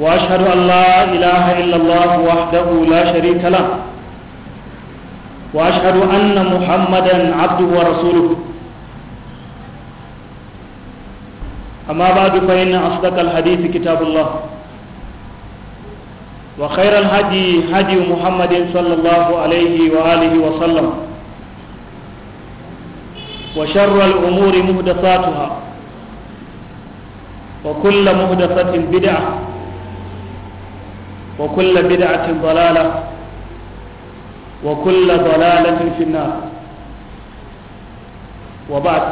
وأشهد أن لا إله إلا الله وحده لا شريك له وأشهد أن محمدا عبده ورسوله أما بعد فإن أصدق الحديث كتاب الله وخير الهدي هدي محمد صلى الله عليه وآله وسلم وشر الأمور محدثاتها وكل محدثة بدعة وكل بدعة ضلالة وكل ضلالة في النار وبعد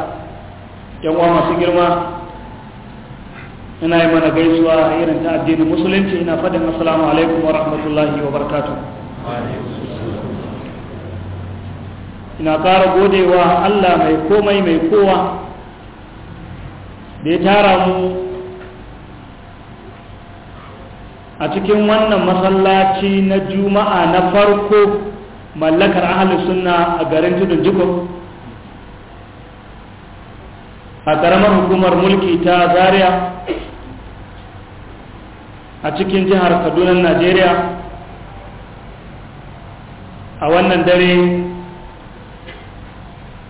يوم ما سجر ما ina yi mana gaisuwa a irin ta addinin musulunci ina faɗi 'asalamu alaikum wa rahmatullahi wa barakatuh ina ƙara godewa Allah mai komai mai kowa da ya tara mu a cikin wannan masallaci na juma'a na farko mallakar ahli sunna a garin tudun jiko a karamar hukumar mulki ta zaria a cikin jihar kaduna najeriya a wannan dare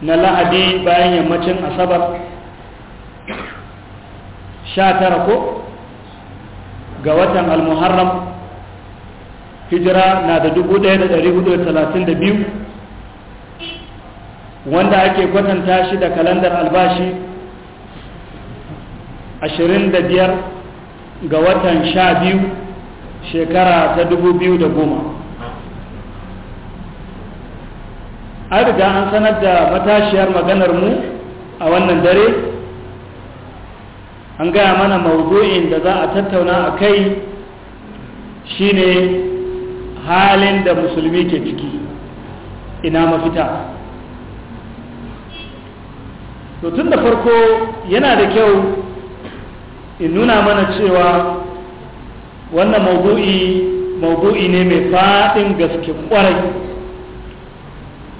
na lahadi bayan yammacin asabar 19 ko ga watan al-muharram hijira na da 1432 wanda ake kwatanta shi da kalandar albashi 25 ga watan 12 shekara ta 2010 an riga an sanar da matashiyar maganar mu a wannan dare an gaya mana mawudu'in da za a tattauna a kai shine halin da musulmi ke ciki ina mafita to tun da farko yana da kyau in nuna mana cewa wannan mawudu'i mawudu'i ne mai faɗin gaske kwarai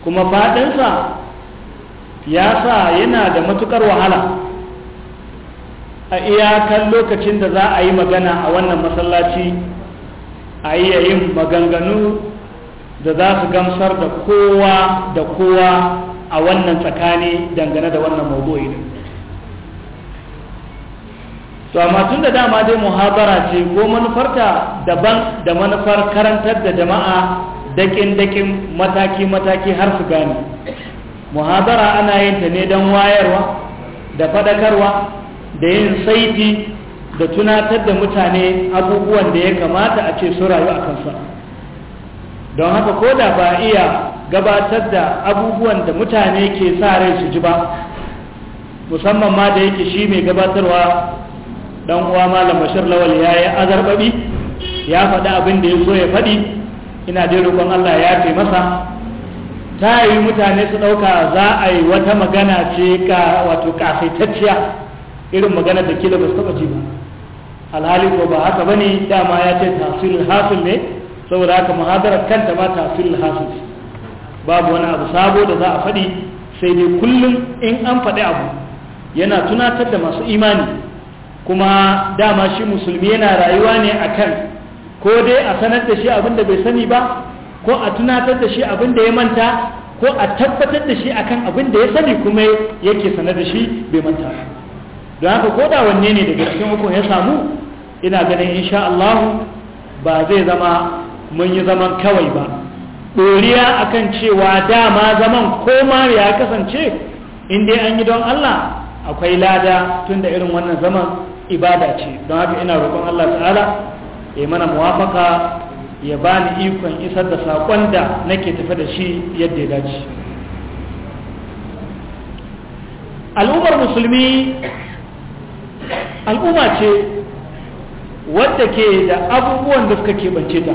kuma faɗinsa ya sa yana da matukar wahala a iyakan lokacin da za a yi magana a wannan masallaci a iya yin maganganu da za su gamsar da kowa da kowa a wannan tsakani dangane da wannan maudu'i ne to amma tun da dama dai muhabara ce ko manufarta daban da manufar karantar da jama'a dakin-dakin mataki-mataki har su gane muhabara ana yin ta ne don wayarwa da fadakarwa. da yin saiti da tunatar da mutane abubuwan da ya kamata a ce su rayu a kansa don haka ko da ba iya gabatar da abubuwan da mutane ke sa rai su ji ba musamman ma da yake shi mai gabatarwa dan uwa malam bashir lawal ya yi azarbabi ya faɗi abin da ya so ya faɗi ina dai roƙon allah ya fi masa ta yi mutane su ɗauka za a yi wata magana ce ka wato kasaitacciya irin magana da kila ba su taba ji ba alhali ko ba haka bane dama ya ce tafsirul hasil ne saboda haka muhadarar kanta ma tafsirul hasil babu wani abu sabo da za a faɗi sai dai kullum in an faɗi abu yana tunatar da masu imani kuma dama shi musulmi yana rayuwa ne akan ko dai a sanar da shi abin da bai sani ba ko a tunatar da shi abin da ya manta ko a tabbatar da shi akan abin da ya sani kuma yake sanar da shi bai manta ba don haka ko wanne ne daga cikin uku ya samu ina ganin insha Allah ba zai zama mun yi zaman kawai ba doriya akan cewa dama zaman koma ya kasance in dai an yi don Allah akwai lada tun da irin wannan zaman ibada ce don haka ina roƙon Allah ta'ala ya mana muwafaka ya bani ikon isar da saƙon da nake tafi da shi yadda ya dace al'ummar musulmi al'umma ce wadda ke da abubuwan da suka kebance ta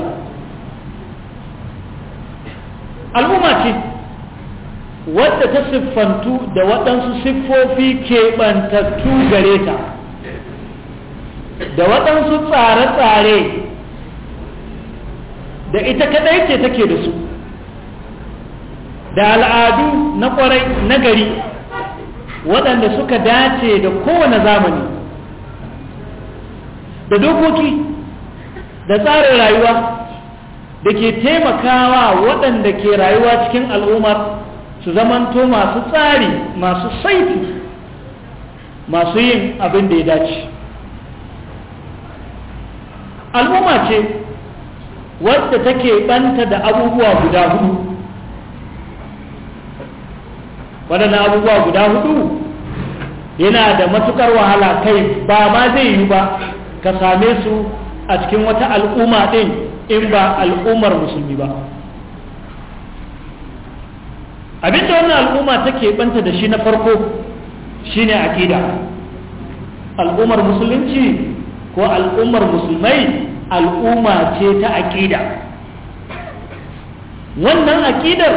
al'umma ce wadda ta siffantu da waɗansu siffofi kebantattu gare ta da waɗansu tsare-tsare da ita kaɗai ce take da su da al'adu na ƙwarai na gari waɗanda suka dace da kowane zamani da dokoki da tsarin rayuwa da ke taimakawa waɗanda ke rayuwa cikin al'ummar su zamanto masu tsari masu saiti masu yin abin da ya dace al'umma ce wadda take ɓanta da abubuwa guda hudu waɗannan abubuwa guda hudu yana da matukar wahala kai ba ma zai yi ba ka same su a cikin wata al'umma ɗin in ba al'ummar musulmi ba abinda wannan al'umma take banta da shi na farko shine aqida al'ummar musulunci ko al'ummar musulmai al'umma ce ta aqida wannan aqidar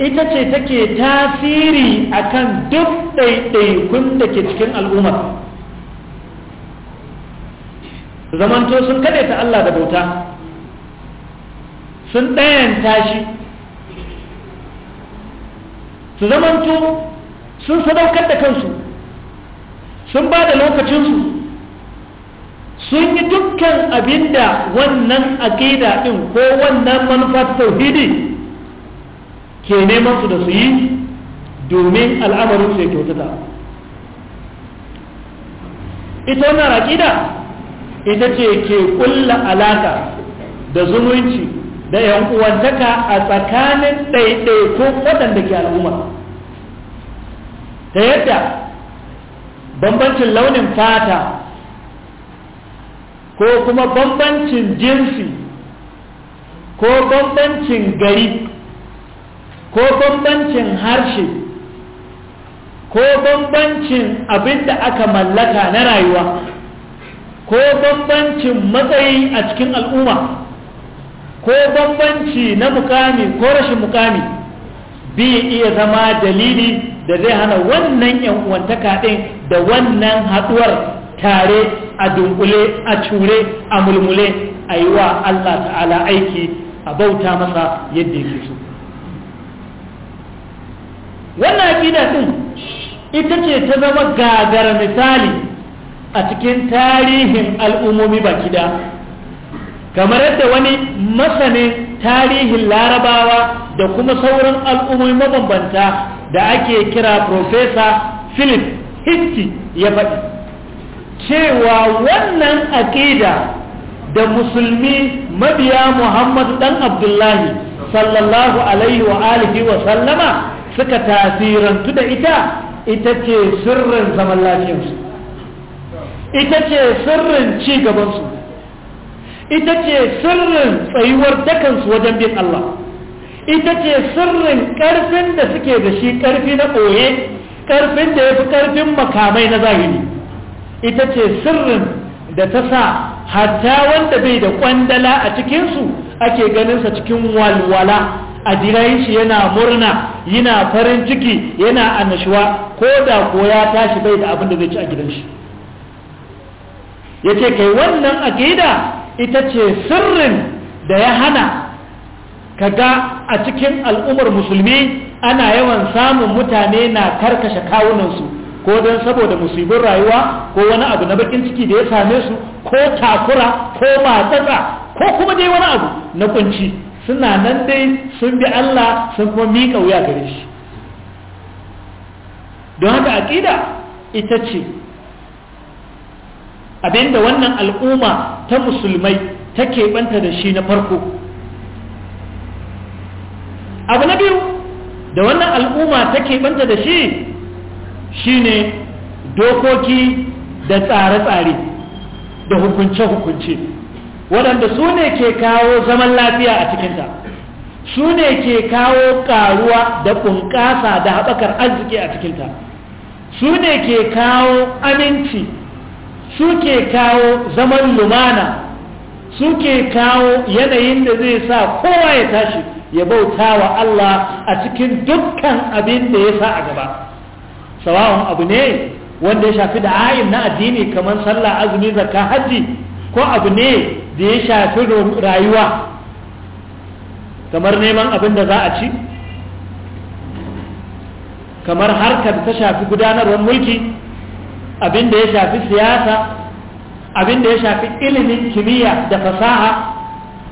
ita ce take tasiri akan duk ɗaiɗaikun da ke cikin al'ummar su zamanto sun kaɗe ta Allah da bauta sun ɗayanta shi su zamanto sun sadaukar da kansu sun ba da lokacinsu sun yi dukkan abin da wannan aƙida ɗin ko wannan manufar tauhidi ke neman su da su yi domin al'amarin su ya kyautata ita wannan aqida ita ce ke kulla alaka da zumunci da yan uwantaka a tsakanin ɗaiɗai waɗanda ke al'umma ta yadda bambancin launin fata ko kuma bambancin jinsi ko bambancin gari ko bambancin harshe ko bambancin abin da aka mallaka na rayuwa ko bambancin matsayi a cikin al'umma ko bambanci na mukami ko rashin mukami bi iya zama dalili da zai hana wannan yan uwantaka din da wannan haɗuwar tare a dunkule a cure a mulmule a yi wa Allah ta'ala aiki a bauta masa yadda yake so wannan aƙida ɗin ita ce ta zama gagar misali a cikin tarihin al'ummomi baki da kamar yadda wani masanin tarihin larabawa da kuma sauran al'ummomi mabambanta da ake kira profesa philip hitti ya faɗi cewa wannan aƙida da musulmi mabiya muhammadu ɗan abdullahi sallallahu alaihi wa alihi wa sallama suka tasirantu da ita ita ce sirrin zaman lafiyarsu ita ce sirrin ci gabansu ita ce sirrin tsayuwar dakansu wajen bin Allah ita ce sirrin ƙarfin da suke da shi ƙarfi na ɓoye ƙarfin da ya fi ƙarfin makamai na zahiri ita ce sirrin da ta sa hatta wanda bai da ƙwandala a cikinsu ake ganinsa cikin walwala a jirayin shi yana murna yana farin ciki yana annashuwa ko da ko ya tashi bai da abin da zai ci a gidan shi yace kai wannan aƙida? ita ce sirrin da ya hana kaga a cikin al'ummar musulmi ana yawan samun mutane na karkashe kawunansu ko don saboda musibin rayuwa ko wani abu na bakin ciki da ya same su ko takura ko matsaka ko kuma dai wani abu na kunci suna nan dai sun bi Allah sun kuma miƙa wuya gare shi don haka aƙida ita ce Abin da wannan al'umma ta musulmai ta keɓanta da shi na farko abu na biyu da wannan al'umma ta keɓanta da shi shine dokoki da tsare-tsare da hukunce-hukunce waɗanda su ne ke kawo zaman lafiya a cikinta su ne ke kawo ƙaruwa da bunƙasa da haɓakar arziki a cikinta su ne ke kawo aminci suke kawo zaman lumana suke kawo yanayin da zai sa kowa ya tashi ya bauta wa Allah a cikin dukkan abin da ya sa a gaba sawa'un abu ne wanda ya shafi da ayin na addini kamar sallah azumi zakka hajji ko abu ne da ya shafi rayuwa kamar neman abin da za a ci kamar harkar ta shafi gudanarwar mulki abin da ya shafi siyasa abin da ya shafi ilimin kimiyya da fasaha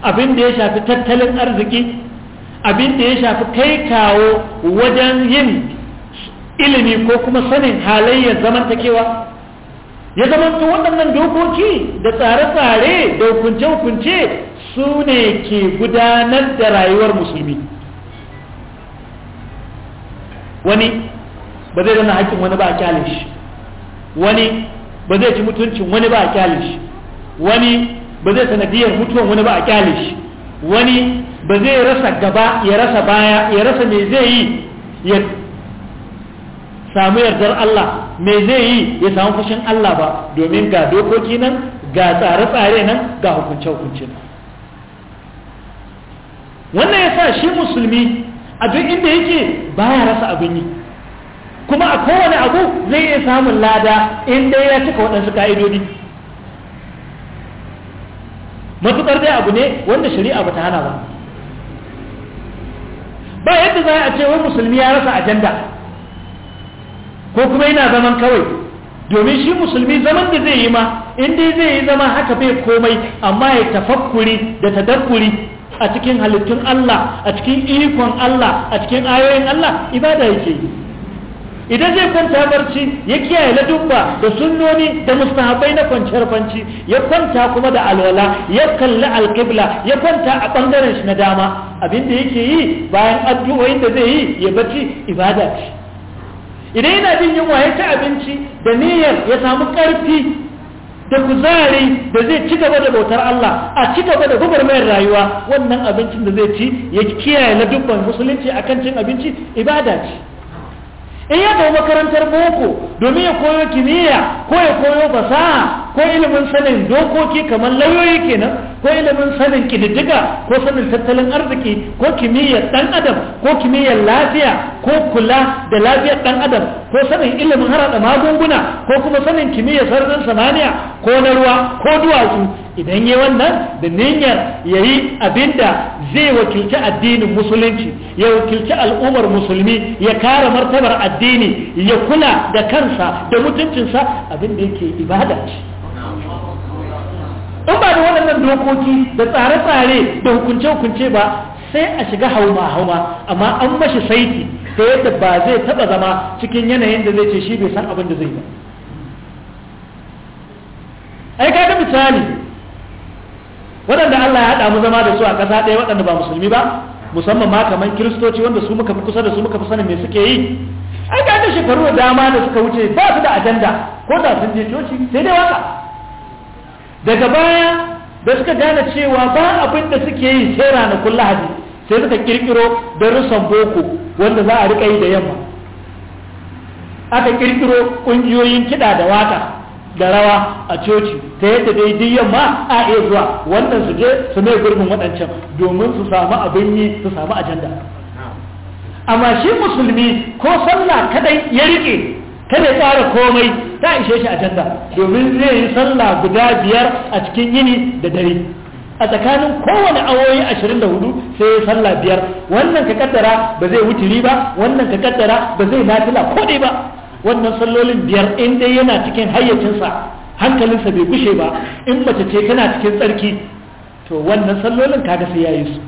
abin da ya shafi tattalin arziki abin da ya shafi kai kawo wajen yin ilimi ko kuma sanin halayyar zamantakewa ya zamanta waɗannan dokoki da tsare-tsare da hukunce-hukunce su ne ke gudanar da rayuwar musulmi wani ba zai zama haƙƙin wani ba a shi wani ba zai ci mutuncin wani ba a kyale shi wani ba zai sanadiyar mutuwan wani ba a kyale shi wani ba zai rasa gaba ya rasa baya ya rasa me zai yi ya samu yardar Allah me zai yi ya samu fushin Allah ba domin ga dokoki nan ga tsare-tsare nan ga hukunce-hukunce nan wannan ya sa shi musulmi a duk inda yake baya rasa abin yi kuma a kowane abu zai iya samun lada in dai ya cika waɗansu ka'idodi matuƙar dai abu ne wanda shari'a ba ta hana ba ba yadda za a ce wani musulmi ya rasa ajanda ko kuma yana zaman kawai domin shi musulmi zaman da zai yi ma in dai zai yi zama haka bai komai amma ya tafakkuri da tadakkuri a cikin halittun Allah a cikin ikon Allah a cikin ayoyin Allah ibada yake yi idan zai kwanta barci ya kiyaye ladubba da sunnoni da mustahabai na kwanciyar kwanci ya kwanta kuma da alwala ya kalli alqibla ya kwanta a bangaren shi na dama abinda yake yi bayan addu'o'in da zai yi ya bacci ibada ce idan yana jin yunwa ya ci abinci da niyyar ya samu karfi da kuzari da zai ci gaba da bautar Allah a ci gaba da mayar rayuwa wannan abincin da zai ci ya kiyaye ladubban musulunci akan cin abinci ibada ce in ya tafi makarantar boko domin ya koyo kimiyya ko ya koyo fasaha ko ilimin sanin dokoki kamar lauyoyi kenan ko ilimin sanin kididdiga ko sanin tattalin arziki ko kimiyyar dan adam ko kimiyyar lafiya ko kula da lafiyar dan adam ko sanin ilimin harada magunguna ko kuma sanin kimiyyar sararin samaniya ko na ruwa ko duwatsu idan yi wannan da niyyar ya yi abinda zai wakilci addinin musulunci ya wakilci al'ummar musulmi ya kare martabar addini ya kula da kansa da mutuncinsa abinda yake ibada in ba da waɗannan dokoki da tsare-tsare da hukunce-hukunce ba sai a shiga hauma-hauma amma an mashi saiti ta yadda ba zai taɓa zama cikin yanayin da zai ce shi bai san abin da zai yi ba. ai ka misali waɗanda Allah ya haɗa mu zama da su a ƙasa ɗaya waɗanda ba musulmi ba musamman ma kamar kiristoci wanda su muka kusa da su muka fi sanin me suke yi ai ga da shekaru da dama da suka wuce ba su da ajanda ko da sun je coci sai dai waka daga baya da suka gane cewa ba abin da suke yi sai ranakun lahadi sai suka kirkiro rusan boko wanda za a riƙa yi da yamma aka kirkiro ƙungiyoyin kiɗa da waka da rawa a coci ta yadda dai duk yamma a iya zuwa wannan su je su mai gurbin waɗancan domin su samu abin yi su samu ajanda amma shi musulmi ko sallah kadai ya rike kada ya tsara komai ta ishe shi ajanda domin zai yi sallah guda biyar a cikin yini da dare a tsakanin kowane awoyi hudu sai ya sallah biyar wannan ka kaddara ba zai wuturi ba wannan ka kaddara ba zai nafila ko ba wannan sallolin biyar in dai yana cikin hayyacinsa hankalinsa bai gushe ba in mace ce tana cikin tsarki to wannan sallolin kaga sai yayi su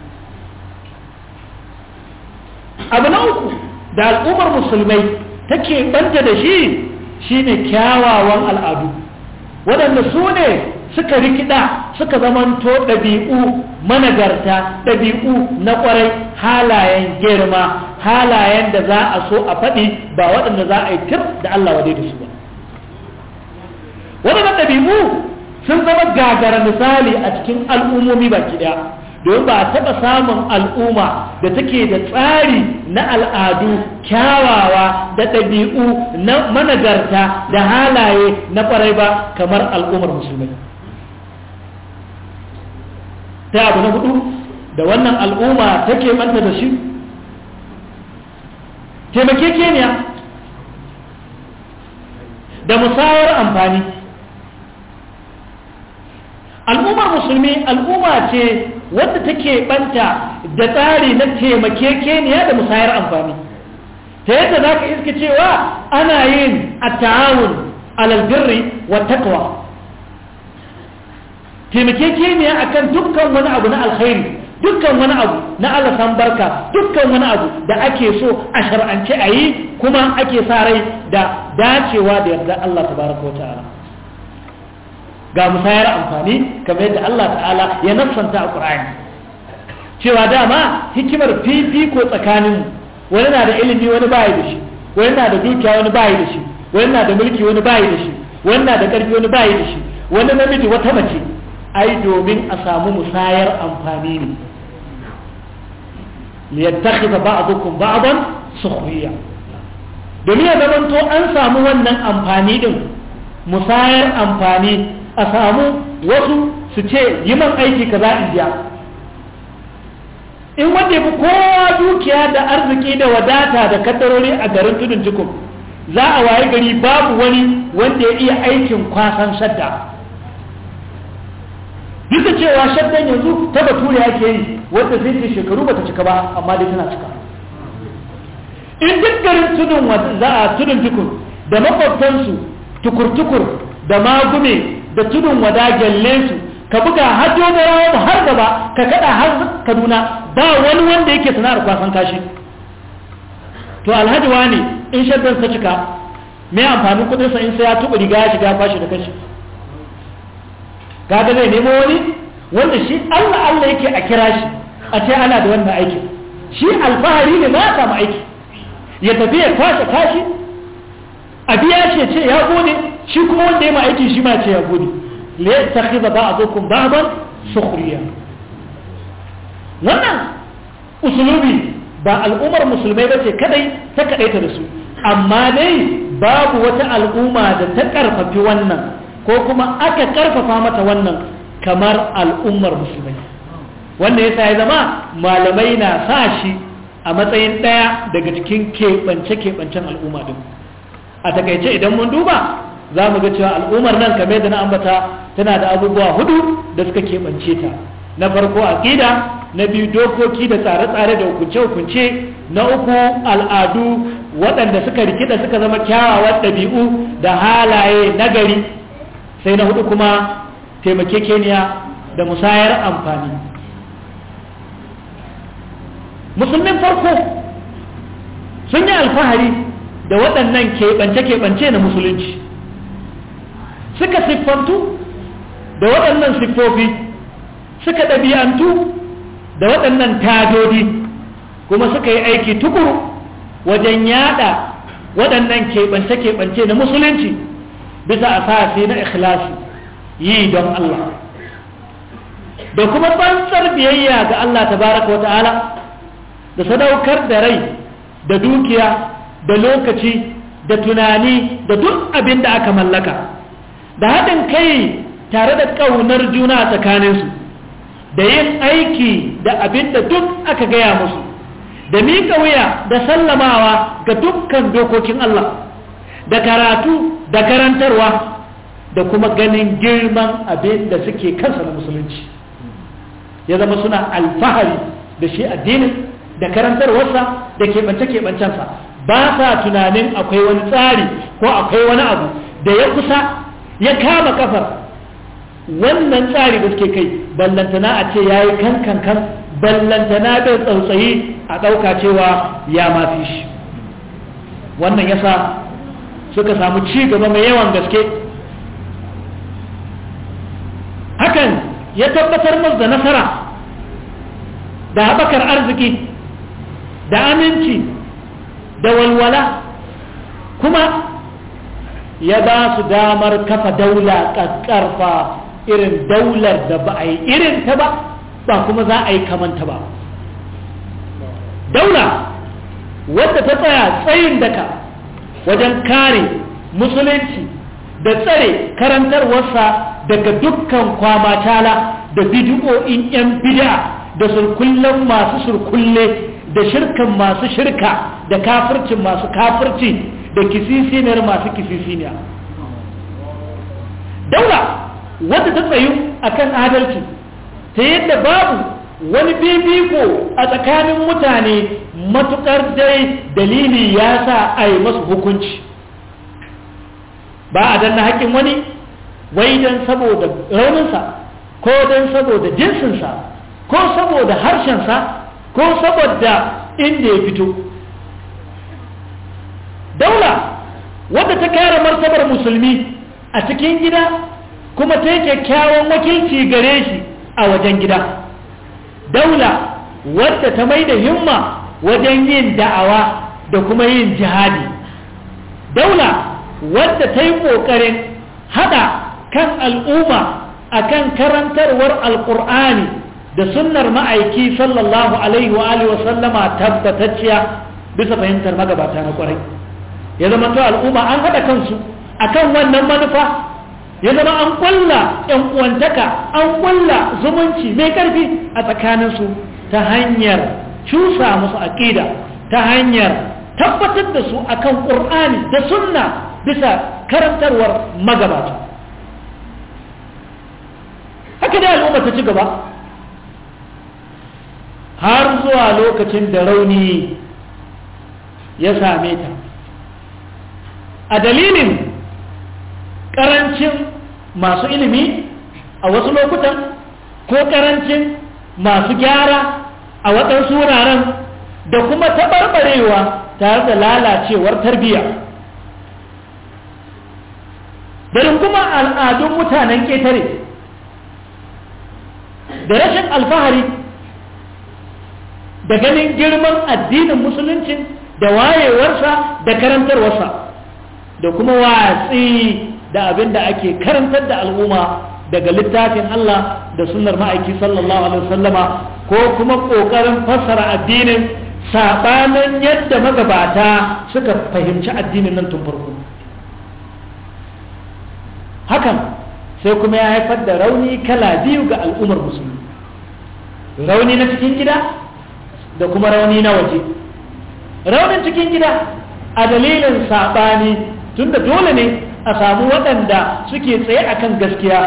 abu na uku da al'ummar musulmai take banta da shi shine kyawawan al'adu waɗanda su ne suka rikida suka zamanto ɗabi'u managarta ɗabi'u na ƙwarai halayen girma halayen da za a so a faɗi ba waɗanda za a yi tir da Allah wadai da su ba waɗannan ɗabi'u sun zama gagara misali a cikin al'ummomi ba ɗaya domin ba taɓa samun al'umma da take da tsari na al'adu kyawawa da ɗabi'u na managarta da halaye na ƙwarai ba kamar al'ummar musulmai sai abu na hudu da wannan al'umma take manta da shi taimakekeniya da musayar amfani al'ummar musulmi al'umma ce wadda take banta da tsari na taimakekeniya da musayar amfani ta yadda za ka iska cewa ana yin a ta'awun alalbirri wa takwa a akan dukkan wani abu na alkhairi dukkan wani abu na alasan barka dukkan wani abu da ake so a shar'ance a yi kuma ake sa rai da dacewa da yarda Allah Ta baraka wata ta'ala ga musayar amfani kamar yadda Allah ta'ala ya nassanta a Qur'ani cewa dama hikimar fifiko tsakanin wani na da ilimi wani bayi da shi wani na da dukiya wani bayi da shi wani na da mulki wani bayi da shi wani na da ƙarfi wani bayi da shi wani namiji wata mace ai domin a samu musayar amfani ne liyattakhidha ba'dukum ba'dan sukhriya domin ya zamanto an samu wannan amfani din musayar amfani a samu wasu su ce yi man aiki kaza in biya in wanda ya fi kowa dukiya da arziki da wadata da kaddarori a garin tudun jikun za a waye gari babu wani wanda ya iya aikin kwasan shadda duk cewa shaddan yanzu ta bature ake yi wanda zai ce shekaru bata cika ba amma dai tana cika in duk garin tudun za a tudun tukur da makwabtansu tukur-tukur da magume da tudun wada gyalle su ka buga har da da har gaba ka kada har kaduna ba wani wanda yake sana'ar kwasan kashi to alhaji wani in shaddan sa cika me amfanin kudin sa in sai ya tuɓa riga ya shiga kwashi da kashi kaga zai nemo wani wanda shi Allah Allah yake a kira shi a ce ana da wannan aikin shi alfahari ne na samu aiki ya tafi ya kwashe kashi a biya shi ce ya gode shi kuma wanda ya ma aiki shi ma ce ya gode la yattakhidha ba'dukum ba'dan sukhriya wannan usulubi ba al'ummar musulmai ce kadai ta kadaita da su amma dai babu wata al'umma da ta karfafi wannan ko kuma aka karfafa mata wannan kamar al'ummar musulmai wanda ya ya zama malamai na sa shi a matsayin ɗaya daga cikin keɓance-keɓancen al'umma din a takaice idan mun duba za mu ga cewa al'ummar nan kamar da na ambata tana da abubuwa hudu da suka keɓance ta na farko aƙida na biyu dokoki da tsare-tsare da hukunce-hukunce na uku al'adu waɗanda suka rikida suka zama kyawawan ɗabi'u da halaye nagari sai na hudu kuma keniya da musayar amfani musulmin farko sun yi alfahari da waɗannan keɓance-keɓance na musulunci suka siffantu da waɗannan siffofi suka ɗabi'antu da waɗannan tajodi kuma suka yi aiki tukuru wajen yada waɗannan keɓance-keɓance na musulunci bisa asasi na ikhlasi yi don Allah da kuma tsantsar biyayya ga Allah tabaraka wa ta'ala da sadaukar da rai da dukiya da lokaci da tunani da duk abin da aka mallaka da haɗin kai tare da ƙaunar juna tsakaninsu da yin aiki da abin da duk aka gaya musu da miƙa wuya da sallamawa ga dukkan dokokin Allah da karatu da karantarwa da kuma ganin girman abin da suke kansa na musulunci ya zama suna alfahari da shi addinin da karantarwarsa da keɓance-keɓancensa ba sa tunanin akwai wani tsari ko akwai wani abu da ya kusa ya kama kafar wannan tsari da suke kai ballantana a ce ya yi kankankan ballantana da tsautsayi a ɗauka cewa ya mafi shi wannan yasa suka samu ci gaba mai yawan gaske hakan ya tabbatar masu da nasara da haɓakar arziki da aminci da walwala kuma ya ba su damar kafa daula ƙarfa irin daular da ba a yi irin ta ba ba kuma za a yi kamanta ba daula wadda ta tsaya tsayin daka wajen kare musulunci da tsare karantarwarsa daga dukkan kwamatala da bidiyo'in 'yan bid'a da surkullen masu surkulle da shirkan masu shirka da kafircin masu kafirci da kisisiniyar masu kisisiniya daula wadda ta tsayu a kan adalci ta yadda babu wani bibiko a tsakanin mutane matukar dai dalili ya sa a yi masu hukunci ba a danna haƙin wani wai don saboda rauninsa ko don saboda jinsinsa ko saboda harshensa ko saboda inda ya fito daula wadda ta kare martabar musulmi a cikin gida kuma ta yi kyakkyawan wakilci gare shi a wajen gida daula wadda ta mai da himma wajen yin da'awa da kuma yin jihadi daula wadda ta yi ƙoƙarin haɗa kan al'umma a kan karantarwar alƙur'ani da sunnar ma'aiki sallallahu alaihi wa sallama tabbatacciya bisa fahimtar magabata na ƙwarai ya zama to al'umma an haɗa kansu akan wannan manufa ya zama an kwalla yan uwantaka an kwalla zumunci mai karfi a tsakaninsu ta hanyar cusa musu aƙida ta hanyar tabbatar da su akan ƙur'ani da sunna bisa karantarwar magabata haka da al'umma ta ci gaba har zuwa lokacin da rauni ya same ta a dalilin karancin masu ilimi a wasu lokutan ko karancin masu gyara a waɗansu wuraren da kuma taɓarɓarewa tare da lalacewar tarbiyya da kuma al'adun mutanen ƙetare da rashin alfahari da ganin girman addinin musuluncin da wayewarsa da karantarwarsa da kuma watsi da abin da ake karantar da al'umma daga littafin Allah da sunnar ma'aiki sallallahu alaihi wasallama ko kuma ƙoƙarin fassara addinin sabanin yadda magabata suka fahimci addinin nan tun farko hakan sai kuma ya haifar da rauni kala biyu ga al'ummar musulmi rauni na cikin gida da kuma rauni na waje raunin cikin gida a dalilin saɓani tunda dole ne a samu waɗanda suke tsaye akan gaskiya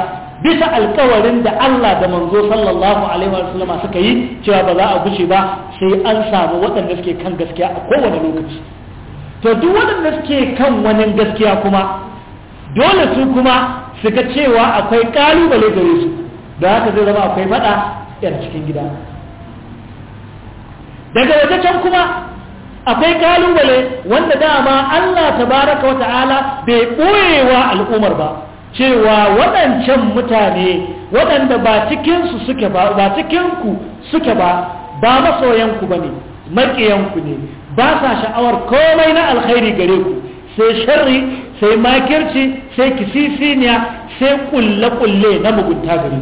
bisa alkawarin da Allah da manzo sallallahu alaihi wa sallama suka yi cewa ba za a guce ba sai an samu waɗanda suke kan gaskiya a kowane lokaci to duk waɗanda suke kan wani gaskiya kuma dole su kuma su ga cewa akwai ƙalubale gare su da haka zai zama akwai faɗa yar cikin gida daga wajen kuma akwai kalubale wanda dama Allah tabaraka wa ta'ala bai ɓoyewa al'ummar ba cewa waɗancan mutane waɗanda ba su suke ba ba cikinku suke ba ba masoyanku bane ne maƙiyanku ne ba sa sha'awar komai na alkhairi gare ku sai sharri sai makirci sai kisisiniya sai kulle-kulle na mugunta gare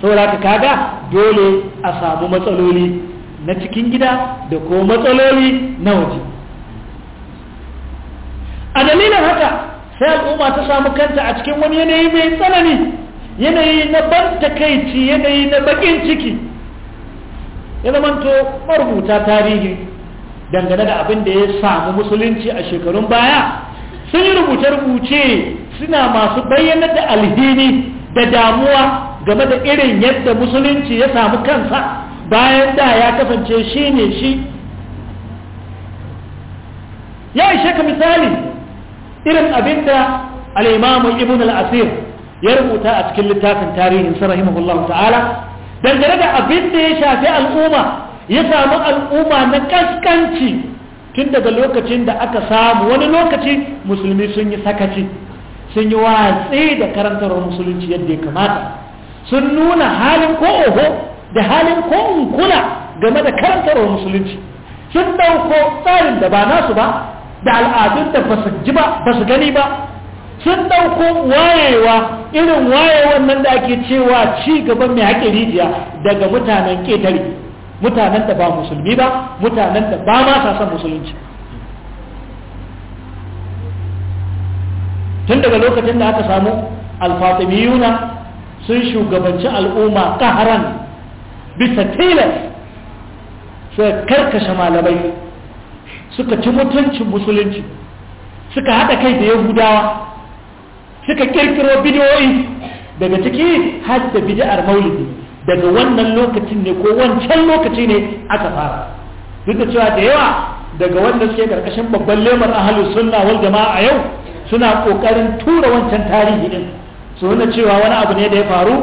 ku saboda kaga dole a samu matsaloli na cikin gida da ko matsaloli na waje a dalilin haka sai al'umma ta samu kanta a cikin wani yanayi mai tsanani yanayi na ban takaici yanayi na bakin ciki ya zamanto marubuta tarihi dangane da abin da ya samu musulunci a shekarun baya sun yi rubuce-rubuce suna masu bayyana da alhini da damuwa game da irin yadda musulunci ya samu kansa bayan da ya kasance shi ne shi ya ishe ka misali irin abin da al'imamu ibn al'asir ya rubuta a cikin littafin tarihin sa rahimahullahu ta'ala dangane da abin da ya shafi al'umma ya samu al'umma na kaskanci tun daga lokacin da aka samu wani lokaci musulmi sun yi sakaci sun yi watsi da karantarwar musulunci yadda ya kamata sun nuna halin ko oho da halin ko kula game da karantarwar musulunci sun dauko tsarin da ba nasu ba da al'adun da ba su ji ba ba su gani ba sun dauko wayewa irin wayewan nan da ake cewa ci gaban mai haƙe rijiya daga mutanen ƙetare mutanen da ba musulmi ba mutanen da ba ma sa musulunci tun daga lokacin da aka samu alfatimiyuna sun shugabanci al'umma ƙaharan bisa tilas suka karkashe malamai suka ci mutuncin musulunci suka haɗa kai da yahudawa suka kirkiro bidiyoyi daga ciki har da bidiyar maulidi daga wannan lokacin ne ko wancan lokaci ne aka fara duk da cewa da yawa daga wanda suke karkashin babban lemar ahalus sunna wal jama'a yau suna kokarin tura wancan tarihi din su nuna cewa wani abu ne da ya faru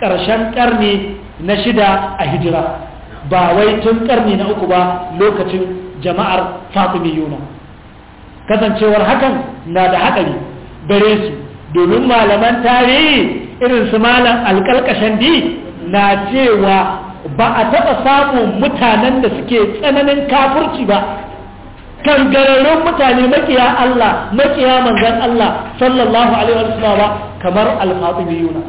karshen karni na shida a hijira ba wai tun karni na uku ba lokacin jama'ar fatimiyuna kasancewar hakan na da haɗari gare su domin malaman tarihi irin su malam alƙalƙashen di na cewa ba a taɓa samun mutanen da suke tsananin kafurci ba kangararrun mutane makiya Allah makiya manzan Allah sallallahu alaihi wasallam kamar al-fatimiyuna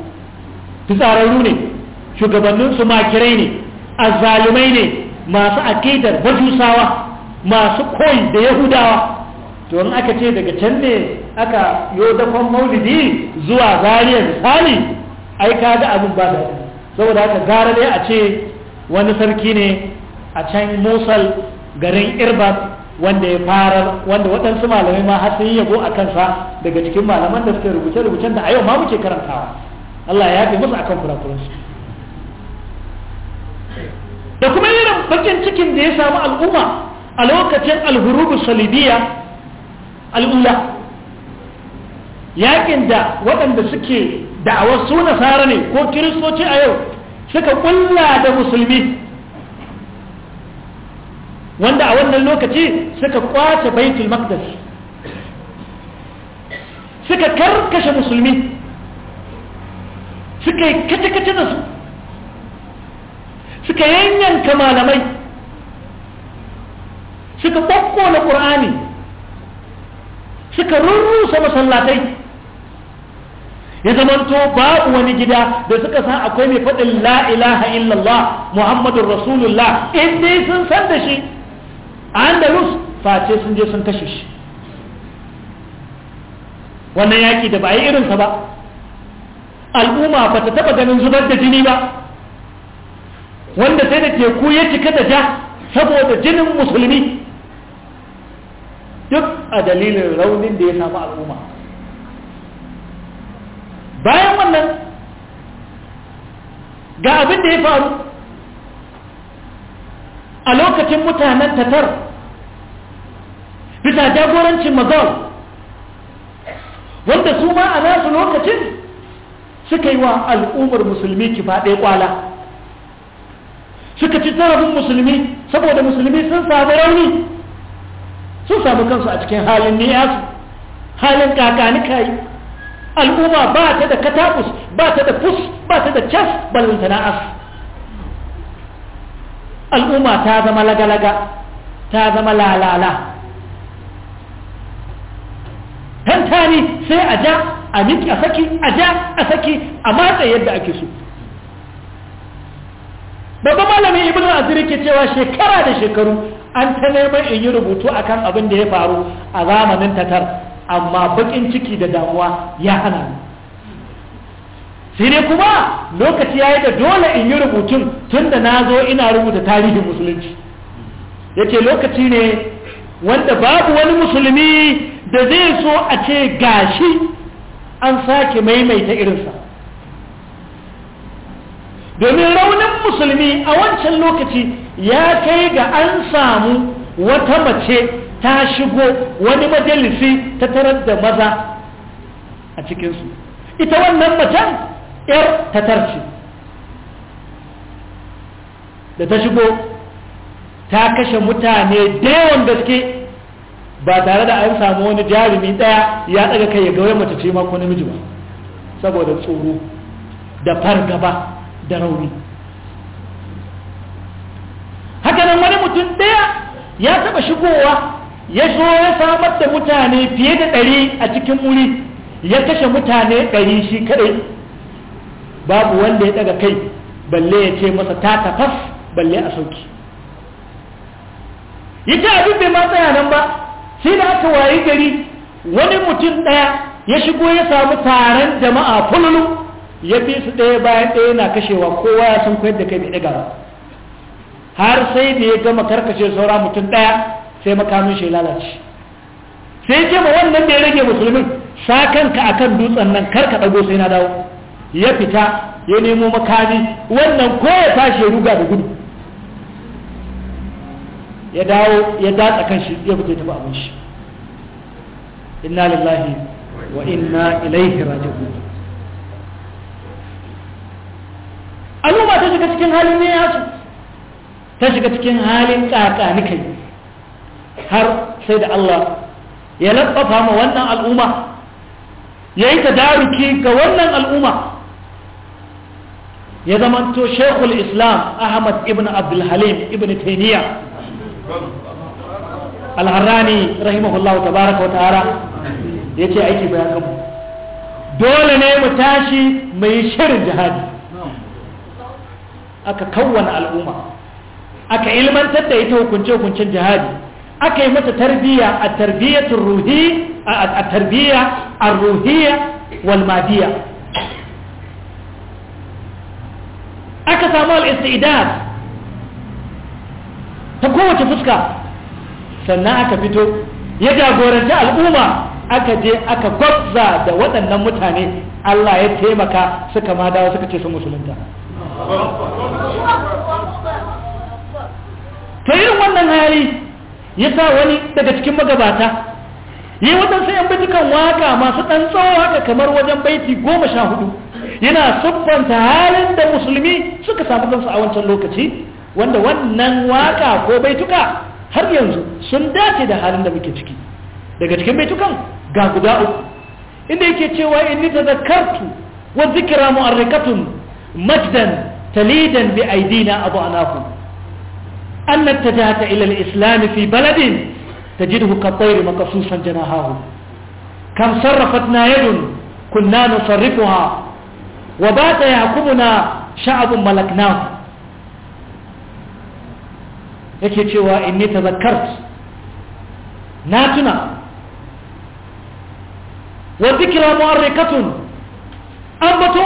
fitsararru ne shugabanninsu makirai ne azzalumai ne masu akidar bajusawa masu koyi da yahudawa to aka ce daga can ne aka yo dakon maulidi zuwa zariyar misali ai ka da abin ba da saboda haka gara dai a ce wani sarki ne a can musal garin irbat wanda ya fara wanda waɗansu malamai ma har sun yabo a kansa daga cikin malaman da suke rubuce-rubucen da a yau ma muke karantawa Allah ya fi musu akan kurakuransu da kuma irin bakin cikin da ya samu al'umma a lokacin alhurubu salibiya al'ula yakin da waɗanda suke da'awar su nasara ne ko kiristoci a yau suka kulla da musulmi wanda a wannan lokaci suka kwace baitul maqdis suka karkashe musulmi suka yi kace-kace da su suka yanyanka malamai suka ɓoƙo na ƙur'ani suka rurrusa masallatai ya zamanto babu wani gida da suka san akwai mai faɗin la ilaha illallah Muhammadu rasulullah in dai sun san da shi a andalus face sun je sun kashe shi wannan yaƙi da ba a yi irinsa ba al'umma ba ta taɓa ganin zubar da jini ba wanda sai da teku ya cika da ja saboda jinin musulmi duk a dalilin raunin da ya samu al'umma bayan wannan ga abin da ya faru a lokacin mutanen tatar bisa jagorancin mazal wanda su ma a nasu lokacin suka yi wa al'ummar musulmi kifa ɗaya kwala suka ci tarafin musulmi saboda musulmi sun samu rauni sun samu kansu a cikin halin niyasu halin kakanika yi al'umma ba ta da katakus ba ta da fus ba ta da cas ballanta na as al'umma ta zama lagalaga ta zama lalala tantani sai a ja a miki a saki a ja a saki a matsa yadda ake so babban malamin ibn azir ke cewa shekara da shekaru an ta neman in yi rubutu akan abin da ya faru a zamanin tatar amma bakin ciki da damuwa ya hana ni sai dai kuma lokaci ya yi da dole in yi rubutun tun da na zo ina rubuta tarihin musulunci ya ce lokaci ne wanda babu wani musulmi da zai so a ce gashi an sake maimaita irinsa domin raunin musulmi a wancan lokaci ya kai ga an samu wata mace ta shigo wani majalisi ta tarar da maza a cikinsu ita wannan mace 'yar tatarci da ta shigo ta kashe mutane dayawan gaske ba tare da an samu wani jarumi daya ya daga kai ya gawai mace ce ma ko namiji ba saboda tsoro da fargaba da rauni haka nan wani mutum ɗaya ya taɓa shigowa ya zo ya samar da mutane fiye da ɗari a cikin wuri ya kashe mutane ɗari shi kaɗai babu wanda ya ɗaga kai balle ya ce masa ta tafas balle a sauki ya ce abin bai ma tsaya nan ba sai da aka wayi gari wani mutum ɗaya ya shigo ya samu taron jama'a fululu ya fi su ɗaya bayan ɗaya na kashewa kowa ya san koyar da kai bai ɗaga ba har sai da ya gama karkace saura mutum ɗaya sai makamin shi lalace sai ke ma wannan da ya rage musulmin sakan ka akan dutsen nan karka ɗago sai na dawo ya fita ya nemo makami wannan ko ya tashi ya ruga da gudu ya dawo ya datsa kan shi ya fito tafi abin shi inna lillahi wa inna ilaihi raji'un al'umma ta shiga cikin halin ne ya su ta shiga cikin halin tsakani kai har sai da Allah ya labbafa ma wannan al'umma ya yi daruki ga wannan al'umma ya zamanto shekul islam ahmad ibn abdulhalim ibn taimiyya alharrani rahimahullah tabaraka wa ta'ala ya ce aiki bayan dole ne mu tashi mai shirin jihadi aka kawwana al'umma aka ilmantar da ita hukunce-hukuncen jihadi aka yi mata tarbiyya a tarbiyyatul ruhi a tarbiyya a ruhiyya wal aka samu al ta kowace fuska sannan aka fito ya jagoranci al'umma aka je aka gwabza da waɗannan mutane Allah ya taimaka suka ma dawo suka ce su musulunta to yi wannan hali ya sa wani daga cikin magabata yi waɗansu yan baitukan waka masu ɗan tsawo haka kamar wajen baiti goma sha hudu yana siffanta halin da musulmi suka samu kansu a wancan lokaci wanda wannan waka ko baituka har yanzu sun dace da halin da muke ciki daga cikin baitukan ga guda uku inda yake cewa inni zakartu wa zikira mu'arrikatun majdan تليدا بأيدينا أضعناكم أن اتجهت إلى الإسلام في بلد تجده كالطير مقصوصا جناهاه كم صرفتنا يد كنا نصرفها وبات يعقبنا شعب ملكناه yake cewa inni tazakkart na tuna wa zikra mu'arrikatun ambato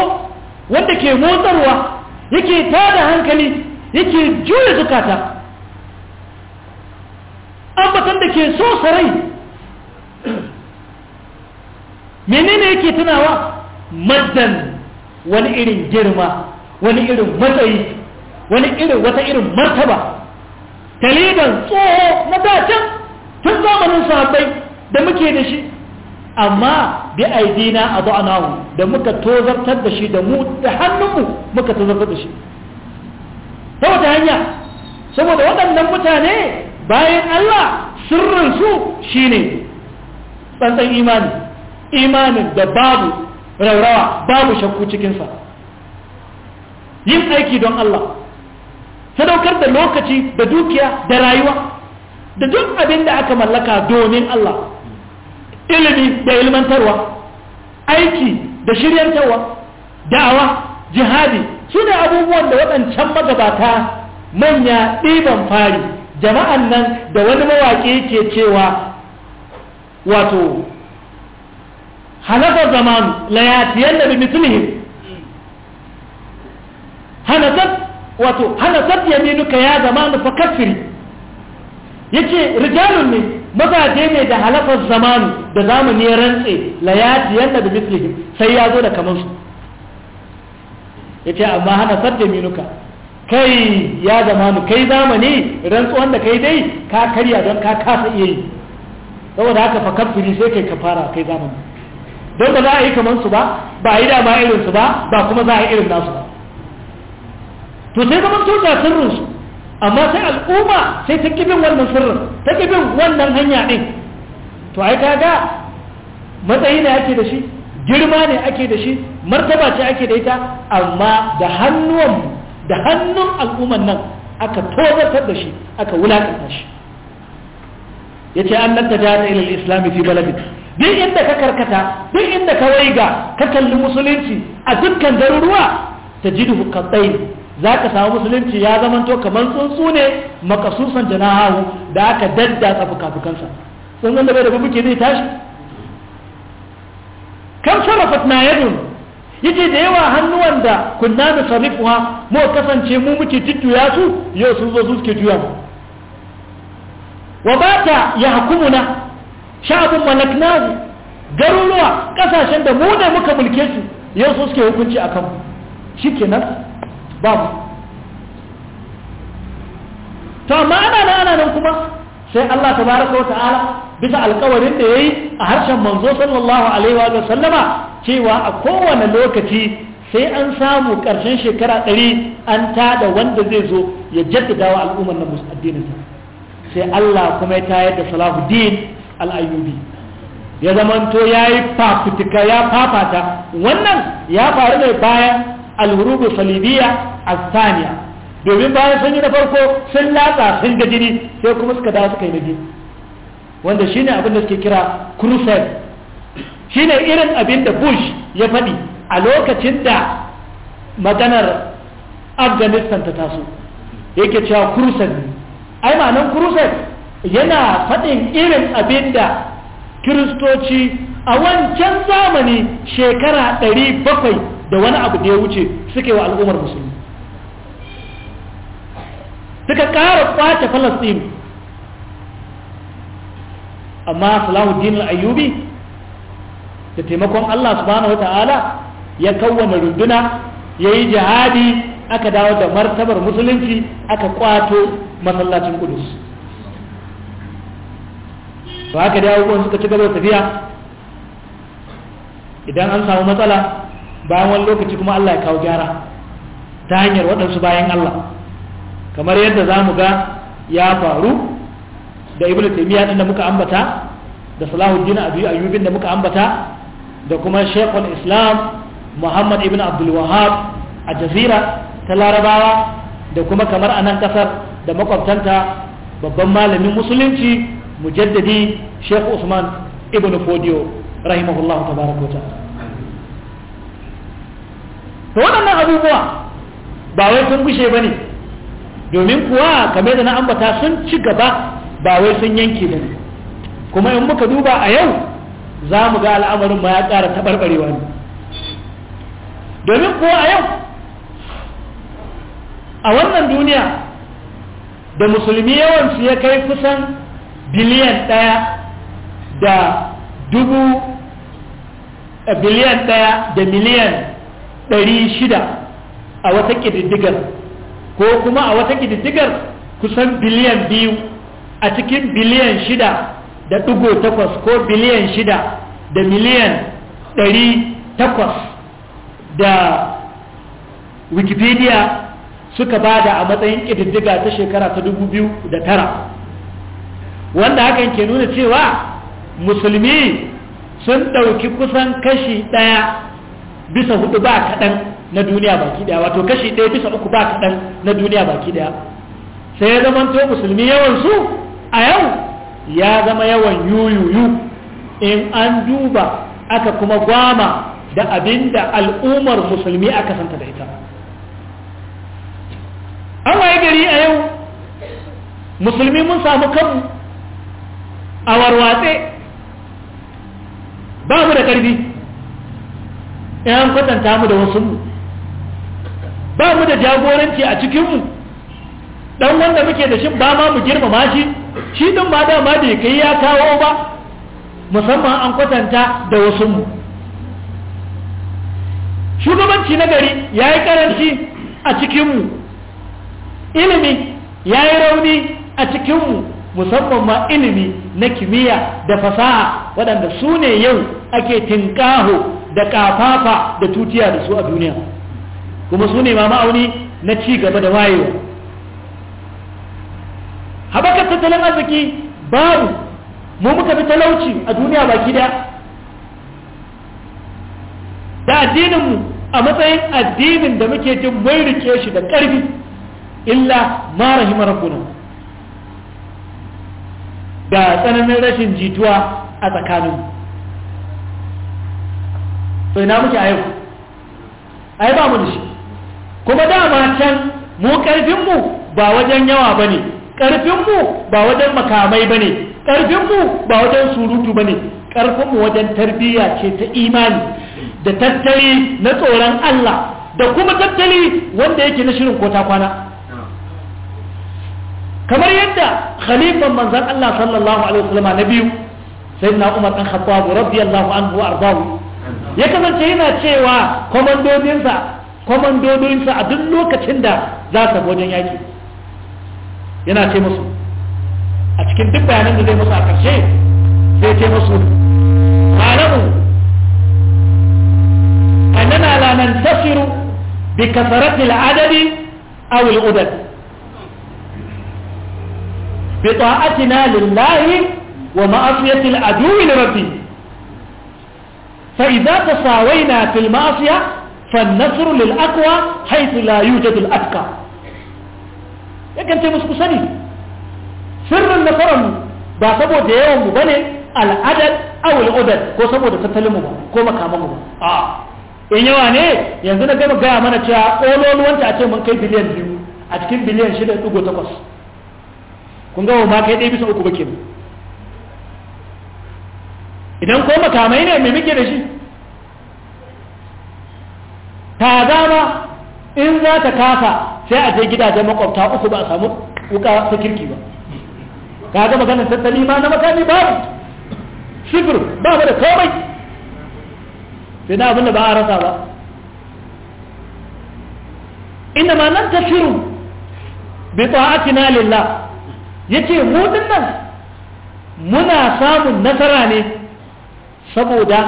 wanda ke motsarwa yake tada hankali yake juya zukata ambatan da ke so sarai menene yake tunawa maddan wani irin girma wani irin matsayi wani irin wata irin martaba talidan tsoho na dacen tun zamanin sahabbai da muke da shi amma bi aidina adanahu da muka tozartar da shi da mu da hannunmu muka tozartar da shi ta wata hanya saboda waɗannan mutane bayan Allah sirrin su shine tsantsan imani imanin da babu raurawa babu shakku cikinsa yin aiki don Allah sadaukar da lokaci da dukiya da rayuwa da duk abin da aka mallaka domin Allah ilimi da ilmantarwa aiki da shiryantarwa da'awa jihadi su ne abubuwan da waɗancan magabata manya ɗiban fari jama'an nan da wani mawaƙi ke cewa wato halafa zamanu layatiyar da hana wato hanasat yaminuka ya zamanu fa kafiri ce rijalun ne mazaje ne da halafar zamani da zamani ya rantse layati yanda da mislihim sai ya zo da kamar su yace amma hana sadda minuka kai ya zamanu kai zamani rantsuwan da kai dai ka karya don ka kasa iya yi saboda haka fa kafiri sai kai kafara kai zamani don ba za a yi kamar su ba ba a yi dama irin su ba ba kuma za a yi irin nasu ba to sai kamar to sirrin su amma sai al'umma sai ta kibin wannan sirrin ta kibin wannan hanya ɗin to ai kaga matsayi ne ake da shi girma ne ake da shi martaba ce ake da ita amma da hannuwan da hannun al'umman nan aka tozartar da shi aka wulakanta shi ya ce an nan ta jata ilil islami fi baladin duk inda ka karkata duk inda ka waiga ka kalli musulunci a dukkan garuruwa ta ji duhu kaɗai za ka samu musulunci ya zamanto kamar tsuntsu ne makasusan janahahu da aka daddatsa fukafukansa tsuntsun da bai da bubuke zai tashi kan sarrafa na yadu yake da yawa hannuwan da kunna da sarrifuwa mu kasance mu muke ya su yau sun zo su suke juya wa ba ta ya hukumuna sha'abun malaknahu garuruwa kasashen da mu ne muka mulke su yau su suke hukunci a kanmu shi kenan babu to amma ana nan ana nan kuma sai Allah tabaraka wa ta'ala bisa alkawarin da ya yi a harshen manzo sallallahu alaihi wa sallama cewa a kowane lokaci sai an samu ƙarshen shekara ɗari an tada wanda zai zo ya jaddada wa al'ummar na addininsa sai Allah kuma ya tayar da Salahuddin al ya zamanto ya yi fafutuka ya fafata wannan ya faru ne bayan alhurubu salibiya Saniya. domin bayan sun yi na farko sun latsa sun ga jini sai kuma suka dawo suka yi na biyu wanda shine abin da suke kira crusade shine irin abin da bush ya faɗi a lokacin da maganar afghanistan ta taso yake cewa crusade ai ma'anar crusade yana faɗin irin abin da kiristoci a wancan zamani shekara bakwai. da wani abu da ya wuce suke wa al'ummar musulmi suka ƙara kwace falastin amma salahuddin al'ayyubi da taimakon allah subhanahu wa ta'ala ya kawwane runduna ya yi jihadi aka dawo da martabar musulunci aka kwato masallacin kudus ba aka dawo kuma suka ci gaba tafiya idan an samu matsala bayan wani lokaci kuma Allah ya kawo gyara ta hanyar waɗansu bayan Allah kamar yadda za mu ga ya faru da ibn taimiyya ɗin da muka ambata da salahuddin abu ayyubin da muka ambata da kuma shaykhul islam muhammad ibn abdul wahab a jazira ta larabawa da kuma kamar a nan kasar da makwabtanta babban malamin musulunci mujaddadi shaykh usman ibn fodiyo rahimahullahu ta to waɗannan abubuwa ba wai sun gushe ba ne domin kuwa game da na ambata sun ci gaba ba wai sun yanke ba ne kuma in muka duba a yau za mu ga al'amarin ma ya ƙara taɓarɓarewa ne domin kuwa a yau a wannan duniya da musulmi yawansu ya kai kusan biliyan ɗaya da dubu eh, biliyan ɗaya da miliyan ɗari shida a wata ƙididdigar ko kuma a wata ƙididdigar kusan biliyan biyu a cikin biliyan shida da ɗigo takwas ko biliyan shida da miliyan ɗari takwas da wikipedia suka ba da a matsayin ƙididdiga ta shekara ta dubu biyu da tara wanda hakan ke nuna cewa musulmi sun ɗauki kusan kashi ɗaya bisa hudu ba kaɗan na duniya baki ɗaya wato kashi ɗaya bisa uku ba kaɗan na duniya baki ɗaya. sai ya zama to musulmi yawan su a yau ya zama yawan yuyuyu in an duba aka kuma gwama da abinda al'ummar musulmi aka santa da ita an waye gari a yau musulmi mun samu kan a warwatse ba da ƙarfi yan kwatanta mu da wasu mu ba mu da jagoranci a cikinmu dan wanda muke da shi ba ma mu girmama shi shi din ma dama da ya kai ya kawo ba musamman an kwatanta da wasu mu shugabanci na gari ya yi karanci a cikinmu ilimi ya yi rauni a cikinmu musamman ma ilimi na kimiyya da fasaha waɗanda su ne yau ake tinkaho da kafafa da tutiya da su a duniya kuma su ne ma ma'auni na ci gaba da wayewa habakar tattalin arziki babu mu muka fi talauci a duniya baki da da addininmu a matsayin addinin da muke jin mai rike shi da ƙarfi illa mara himar rabbuna da tsananin rashin jituwa a tsakaninmu to ina muke a yau yi ba mu da shi kuma dama can mu ƙarfinmu ba wajen yawa ba ne ƙarfinmu ba wajen makamai bane ne ƙarfinmu ba wajen surutu ba ne ƙarfinmu wajen tarbiyya ce ta imani da tattali na tsoron Allah da kuma tattali wanda yake na shirin kota kwana kamar yadda khalifan manzan Allah sallallahu alaihi wasallam na biyu na Umar dan Khattab radiyallahu anhu wa ya kasance yana cewa kwamandodinsa kwamandodinsa a duk lokacin da za su wajen yaki yana ce musu a cikin duk bayanan da zai musu a ƙarshe sai ce musu malamu annana la nantasiru bi kasaratil adadi aw al udad bi ta'atina lillahi wa ma'asiyati al adu li rabbih فإذا تساوينا في المعصية فالنصر للأقوى حيث لا يوجد الأتقى yakan ce musu sani sirrin nasarar ba saboda yawan mu bane al'adad awul udad ko saboda tattalin mu ba ko makaman mu in yawa ne yanzu na gama gaya mana cewa ƙololuwanta a ce mun kai biliyan biyu a cikin biliyan shida ɗigo takwas kun gawa ma kai ɗaya bisa uku idan ko makamai ne mai muke da shi ta zama in za ta kafa sai a je gidajen makwabta uku ba a samu wuka ta kirki ba ka ga maganar tattali ma na makami babu shifir ba ba da komai sai na abin da ba a rasa ba inda ma nan ta shiru bai na lalla. Ya ce mu nan. muna samun nasara ne saboda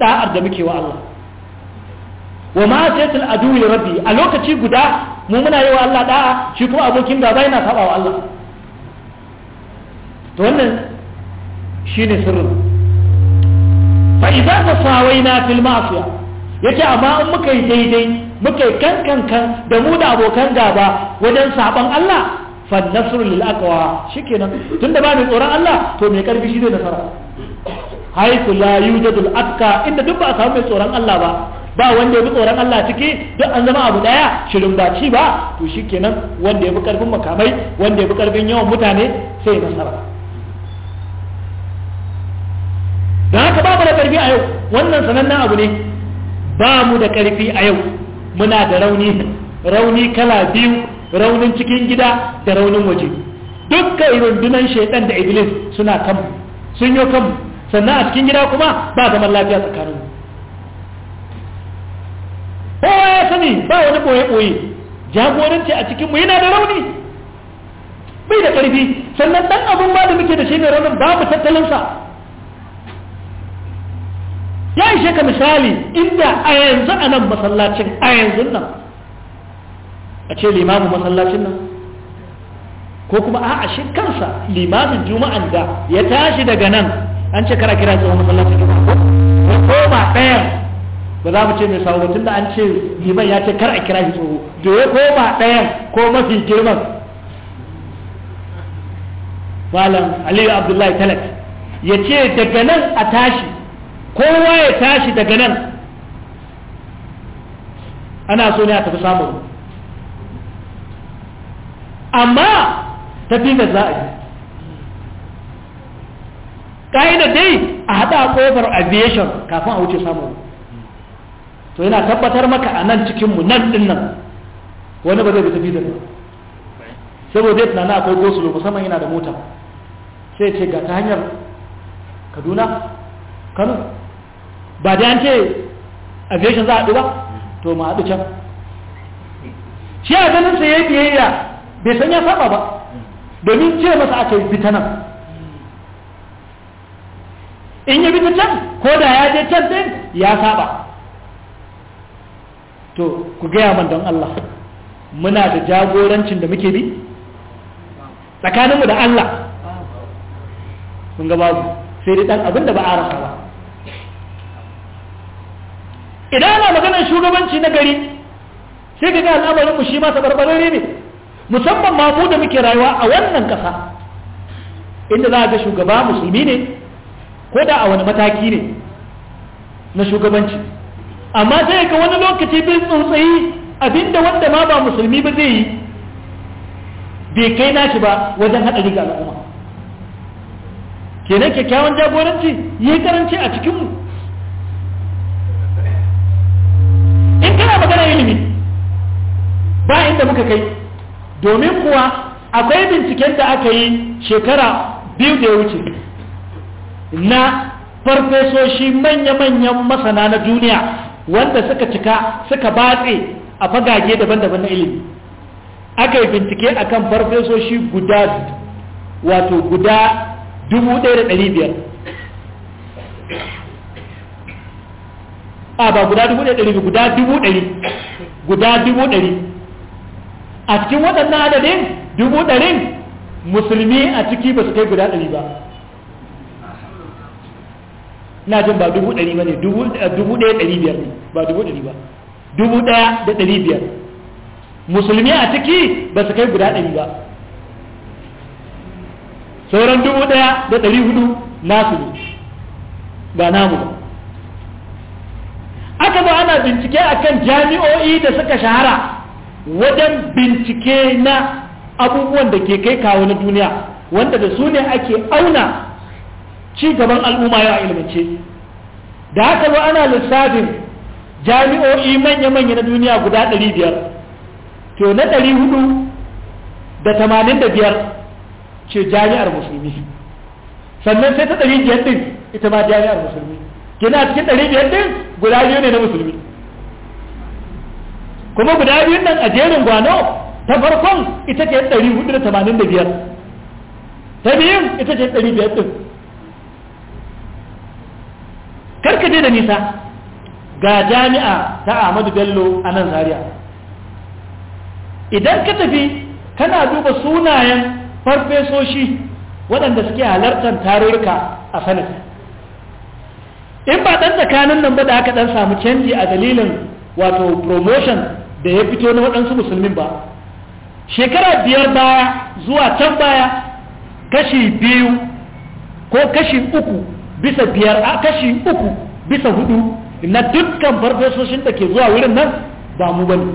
da'ar da muke wa Allah wa ma jatul aduwi rabbi a lokaci guda mu muna yi wa Allah da'a shi kuma abokin gaba yana saba wa Allah to wannan shine sirrin fa idan idza tasawaina fil ma'siya yace amma in muka yi daidai muka yi kankan-kan, da mu da abokan gaba wajen saban Allah fa nasrul lil aqwa shikenan tunda ba mu tsoron Allah to me karfi shi zai nasara haitu la yujadul akka inda duk ba a samu mai tsoron Allah ba ba wanda ya bi tsoron Allah ciki duk an zama abu daya shirin ba ci ba to shikenan wanda ya bi karfin makamai wanda ya bi karfin yawan mutane sai nasara da haka ba mu da karfi a yau wannan sanannen abu ne ba mu da karfi a yau muna da rauni rauni kala biyu raunin cikin gida da raunin waje dukkan rundunan shaitan da iblis suna kan sun yi kanmu sannan a cikin gida kuma ba zaman lafiya tsakanin kowa ya sani ba wani ɓoye-ɓoye jagoranci a cikin mu yana da rauni bai da ƙarfi sannan ɗan abin ba da muke da shi ne raunin babu tattalinsa ya ishe ka misali inda a yanzu a nan masallacin a yanzu nan a ce limamin masallacin nan ko kuma a shi kansa limamin juma'an da ya tashi daga nan an ce kana kira tsohon masallacin juma'a ko ko ba ɗayan ba za mu ce mai sawo tunda an ce liman ya ce kar a kira shi tsoho da ya ko ba ɗayan ko mafi girman malam aliyu abdullahi talat ya ce daga nan a tashi kowa ya tashi daga nan ana so ne a tafi samun amma tafi da za a yi ka'ida dai a haɗa kofar aviation kafin a wuce samun to yana tabbatar maka a nan cikinmu nan ɗin nan wani ba zai bi tafi da ba saboda ya tunana akwai gosulo musamman yana da mota sai ce ga ta hanyar kaduna kano ba da an ce aviation za a haɗu ba to ma haɗu can shi a ganin sa ya biyayya bai san ya saba ba domin ce masa ake bita nan. in ya bi ta can ko da ya je can din ya saba to ku gaya man don Allah muna da jagorancin da muke bi tsakaninmu da Allah sun ga babu sai dai dan abin da ba a rasa ba idan ana maganar shugabanci na gari sai ka ga al'amarinmu shi ma barbarare ne musamman ma da muke rayuwa a wannan ƙasa inda za a ga shugaba musulmi ne ko da a wani mataki ne na shugabanci amma sai ga wani lokaci bin tsuntsayi abinda wanda ma ba musulmi ba zai yi bai kai nashi ba wajen haɗari ga al'umma kenan kyakkyawan jagoranci yi karanci a cikinmu in kana magana ilimi ba inda muka kai domin kuwa akwai binciken da aka yi shekara biyu da ya wuce na farfesoshi manya-manyan masana na duniya wanda suka cika suka batse a fagage daban-daban na ilimi aka yi bincike a kan farfesoshi guda wato guda 1,500 a ba guda 1,500 guda 1,000 guda 1,000 a cikin waɗannan adadin 1,000 musulmi a ciki ba su kai guda 100 ba na jin ba dubu ɗari ba ne eh, dubu ɗaya ɗari biyar ne ba dubu ɗari ba dubu ɗaya da ɗari biyar musulmi a ciki ba su kai guda ɗari ba sauran dubu ɗaya da ɗari hudu nasu ne ba namu ba aka ba ana bincike akan jami'o'i da suka shahara wajen bincike na abubuwan da ke kai kawo na duniya wanda da su ne ake auna ci gaban al'umma ya ilmace da haka ba ana lissafin jami'o'i manya-manya na duniya guda 500 to na 485 da ce jami'ar musulmi sannan sai ta 500 din ita ma jami'ar musulmi kina cikin 500 din guda biyu ne na musulmi kuma guda biyun nan a jerin gwano ta farkon ita ce 485 ta biyun ita ce 500 din ka je da nisa ga jami'a ta ahmadu bello a nan zaria idan ka tafi kana duba sunayen farfesoshi waɗanda suke halartar tarurruka a sanin in ba ɗan tsakanin nan ba da aka ɗan samu canji a dalilin wato promotion da ya fito na waɗansu musulmin ba shekara biyar baya zuwa can baya kashi biyu ko kashi uku bisa biyar a kashi uku bisa hudu na dukkan farfesoshin da ke zuwa wurin nan ba mu bane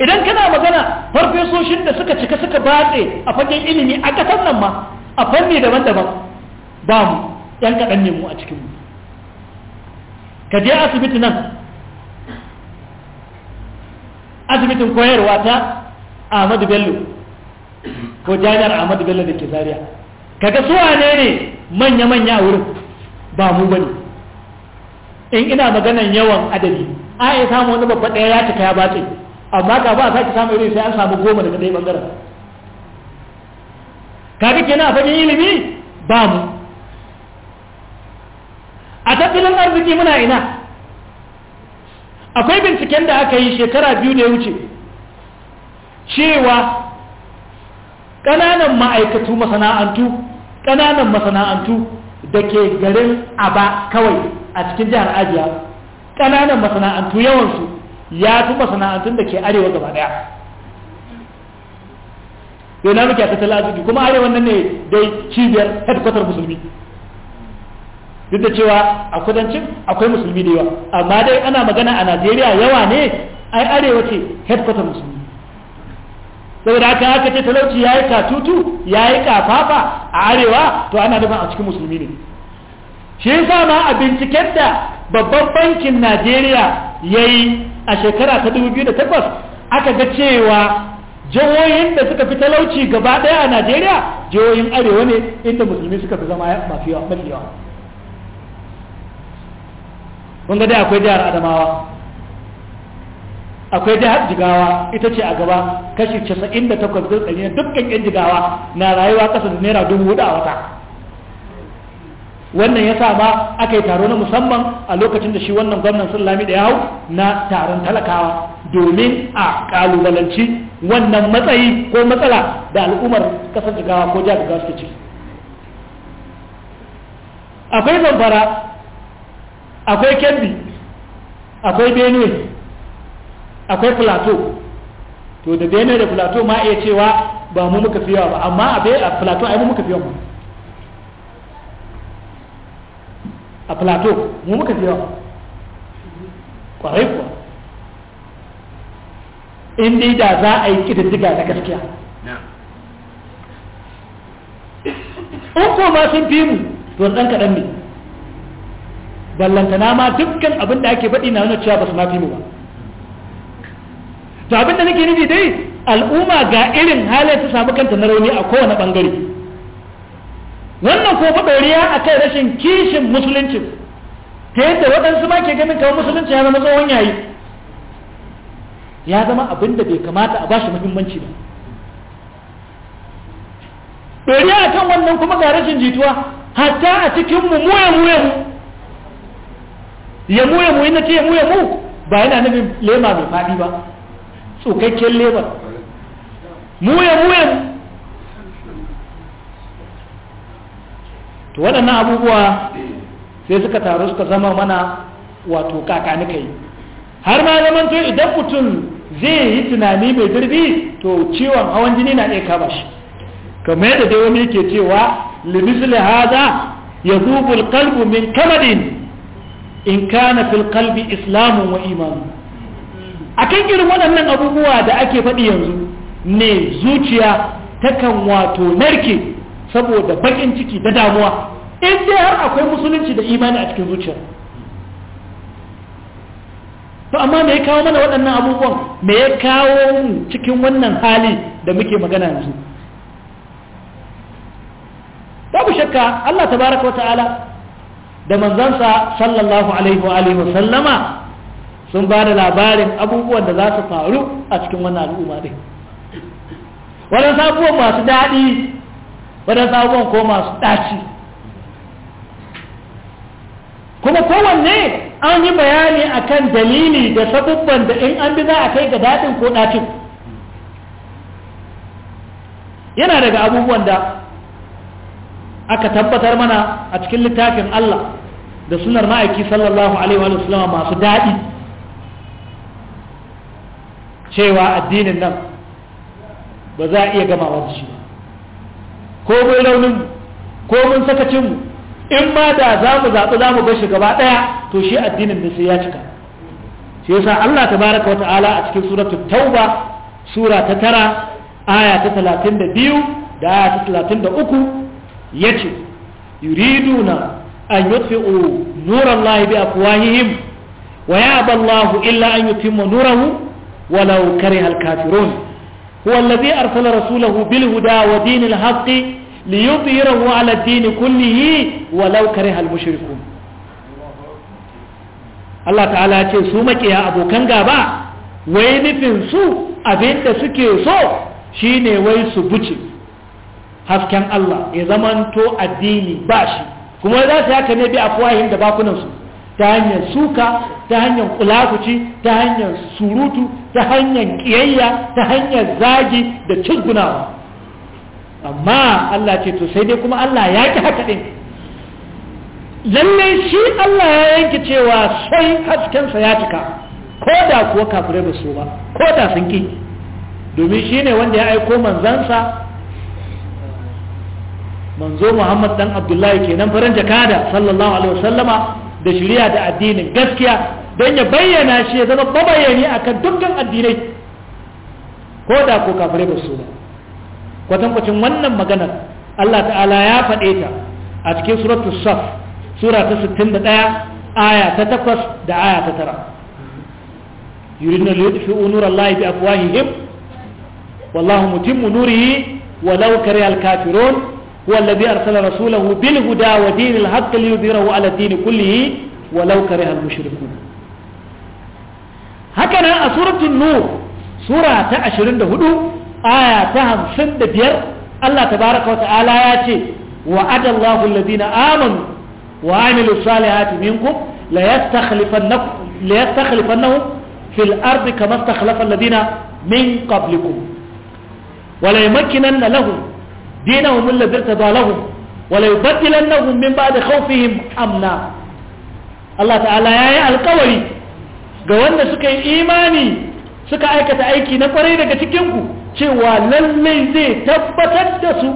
idan kana magana farfesoshin da suka cika suka batse a fagen ilimi a ƙasar nan ma a fanni daban-daban ba mu yan kaɗan ne mu a mu. ka je asibiti nan asibitin koyarwa ta ahmadu bello ko jami'ar ahmadu bello da ke Zariya. kaga su wane ne manya-manya a wurin ba mu bane in ina maganan yawan adadi a ya samu wani babba ɗaya ya cika ya bace amma ka ba a sake samu irin sai an samu goma daga ɗaya ɓangaren kaga kenan a fagen ilimi ba mu a tattalin arziki muna ina akwai binciken da aka yi shekara biyu da ya wuce cewa ƙananan ma'aikatu masana'antu ƙananan masana'antu da ke garin aba kawai a cikin jihar ajiya ƙananan masana'antu yawansu ya fi masana'antun da ke arewa gaba daya yana na muke a tattalin arziki kuma arewa nan ne dai cibiyar headquarter musulmi duk da cewa a kudancin akwai musulmi da yawa amma dai ana magana a najeriya yawa ne ai arewa ce headquarter musulmi saboda haka haka ce talauci ya yi katutu ya yi kafafa a arewa to ana nufin a cikin musulmi ne shi yasa ma a binciken da babban bankin najeriya ya yi a shekara ta 2008 aka ga cewa jihohin da suka fi talauci gaba daya a najeriya jihohin arewa ne inda musulmi suka fi zama mafi yawa kun ga dai akwai jihar adamawa akwai jihar jigawa ita ce a gaba kashi 98 zai dukkan yan jigawa na rayuwa ƙasa da naira dubu hudu a wata wannan ya sa ma aka yi taro na musamman a lokacin da shi wannan gwamnan sulami da yawo na taron talakawa domin a kalubalanci wannan matsayi ko matsala da al'ummar kasar jigawa ko jihar jigawa suke ci akwai zamfara akwai kebbi akwai benue akwai plateau to da bene da plateau ma iya cewa ba mu muka fi yawa ba amma a plateau ai mu muka fi yawa a plateau mu muka fi yawa kwarai kuwa in da za a yi kididdiga na gaskiya in ko ma sun fi mu to ɗan kaɗan ne ballantana ma dukkan abin da ake baɗi na nuna cewa ba su ma fi mu ba to abin da nake nufi dai al'umma ga irin halin ta samu kanta na rauni a kowane bangare wannan ko dariya a kai rashin kishin musulunci ta yadda waɗansu ma ke ganin kawai musulunci ya zama tsohon yayi ya zama abin da bai kamata a bashi muhimmanci ba ɗoriya a kan wannan kuma ga rashin jituwa hatta a cikinmu mu ya mu mu ya mu mu ina ce ya mu mu ba yana nufin lema mai faɗi ba tsokakken lebar muyan muyan to waɗannan abubuwa sai suka taru suka zama mana wato kakani kai har ma zaman to idan mutum zai yi tunani mai dirbi to ciwon hawan jini na ɗaya kama shi kamar yadda dai wani yake cewa limisli haza ya zubul kalbu min kamadin in kana fil kalbi islamun wa imanu a kan irin waɗannan abubuwa da ake faɗi yanzu ne zuciya takan wato narke saboda baƙin ciki da damuwa in dai har akwai musulunci da imani a cikin zuciya to amma me ya kawo mana waɗannan abubuwan me ya kawo mu cikin wannan hali da muke magana yanzu babu shakka Allah tabaraka ta'ala da manzansa sallallahu alaihi wa alihi wa sallama sun ba da labarin abubuwan da za su faru a cikin wannan al'umma ɗin waɗansu abubuwan masu daɗi waɗansu abubuwan ko masu ɗaci kuma kowanne an yi bayani akan dalili da sabubban da in an bi za a kai ga daɗin ko ɗacin yana daga abubuwan da aka tabbatar mana a cikin littafin Allah da sunar ma'aiki sallallahu alaihi wa sallama masu daɗi cewa addinin nan ba za a iya gama da shi ko mun raunin ko mun sakacinmu in ma da za mu zaɓi za mu bar shi gaba ɗaya to shi addinin da sai ya cika shi yasa Allah baraka wa ta'ala a cikin suratul tauba sura ta tara aya ta talatin da biyu da aya ta talatin da uku ya ce yuriduna an yutfi'u nurallahi bi afwahihim wa ya'ba Allahu illa an yutimma nurahu ولو كره الكافرون هو الذي أرسل رسوله بالهدى ودين الحق ليظهره على الدين كله ولو كره المشركون Allah ta'ala ya ce su makiya abokan gaba wai nufin su abinda suke so shine wai su buce hasken Allah ya zamanto addini ba shi kuma za su haka ne bi afwahin da bakunansu ta hanyar suka ta hanyar kulakuci ta hanyar surutu ta hanyar kiyayya ta hanyar zagi da cizgunawa amma Allah ce to sai dai kuma Allah ya ki haka ɗin lallai shi Allah ya yanke cewa sai sa ya cika ko da kuwa kafirai ba su ba ko da sun ki domin shi ne wanda ya aiko manzansa manzo Muhammad dan Abdullahi kenan faran jakada sallallahu alaihi wasallama da shari'a da addinin gaskiya don ya bayyana shi ya zama mabayani a kan dukkan addinai ko da ko kafirai ba su ba kwatankwacin wannan maganar Allah ta'ala ya faɗe ta a cikin suratu saf sura ta 61 aya ta 8 da aya ta 9 yuridna liyutfi'u nurallahi bi afwahihim wallahu mutimmu nurihi walau kariha al-kafirun هو الذي أرسل رسوله بالهدى ودين الحق ليظهره على الدين كله ولو كره المشركون haka nan a suratul nur sura ta 24 aya ta 55 Allah tabaraka wa ta'ala ya ce wa'ada Allahu alladhina amanu wa 'amilus salihati minkum la yastakhlifannakum la yastakhlifannahum fil ardi kama istakhlafa alladhina min qablikum wa la yumakkinanna lahum dinahum alladhi irtada lahum wa la yubaddilannahum min ba'di khawfihim amna Allah ta'ala ya yi alƙawari ga wanda suka yi imani suka aikata aiki na kwarai daga cikinku cewa lallai zai tabbatar da su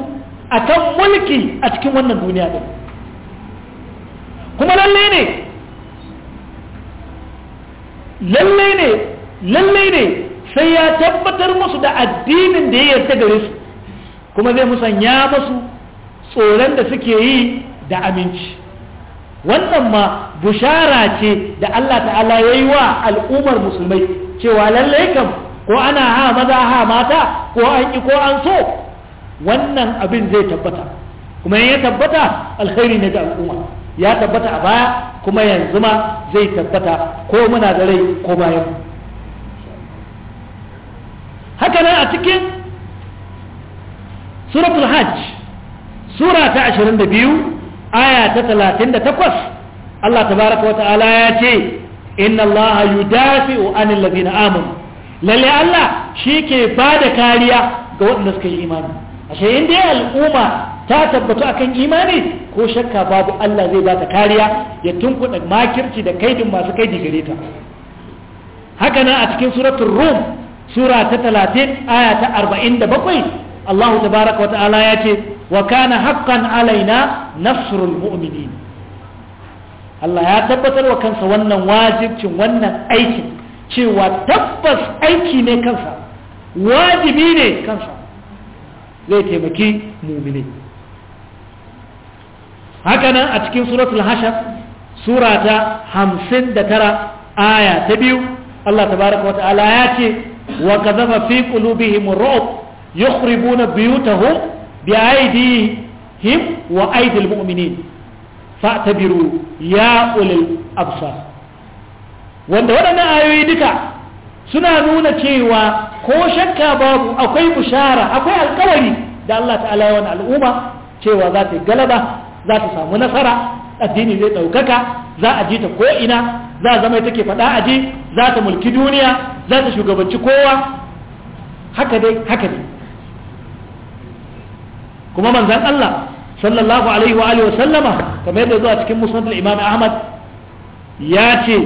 a kan mulki a cikin wannan duniya ɗin kuma lallai ne lallai ne lallai ne sai ya tabbatar musu da addinin da ya yarda gare su kuma zai musanya musu tsoron da suke yi da aminci wannan ma bushara ce da Allah ta'ala ya yi wa al'ummar musulmai cewa lallai kam ko ana ha maza ha mata ko an ki ko an so wannan abin zai tabbata kuma ya tabbata alkhairi ne ga al'umma ya tabbata a baya kuma yanzu ma zai tabbata ko muna da rai ko bayan haka nan a cikin suratul hajj sura ta 22 aya ta takwas, Allah tabaraka wa ta'ala ya ce inna dafi yudafi'u anil ladina amanu lalle Allah shi ke bada kariya ga waɗanda suka yi imani ashe in dai al'umma ta tabbatu akan imani ko shakka babu Allah zai ba ta kariya ya tunkuɗa makirci da kaidin masu kai gare ta haka nan a cikin suratun rum sura ta talatin aya ta 47 Allah tabaraka wa ta'ala ya ce wa kana haqqan alaina nasrul mu'minin Allah ya tabbatar wa kansa wannan wajibcin wannan aikin cewa tabbas aiki ne kansa wajibi ne kansa zai taimaki mumini hakanan a cikin suratul hashar surata hamsin da tara aya ta biyu Allah tabaraka wa ta'ala ya ce wa kazafa fi qulubihim ru'ub yukhribuna buyutahum bi aidihim wa aidil mu'minin fa'tabiru ya ulil absar wanda waɗannan ayoyi duka suna nuna cewa ko shakka babu akwai bushara akwai alkawari da Allah ta'ala ya wani al'umma cewa za ta galaba za ta samu nasara addini zai ɗaukaka za a ji ta ko'ina za a zama take faɗa ji, za ta mulki duniya za ta shugabanci kowa haka dai haka dai kuma manzan Allah sallallahu alaihi wa alihi wa sallama kamar yadda zuwa cikin musnad al-imam ahmad ya ce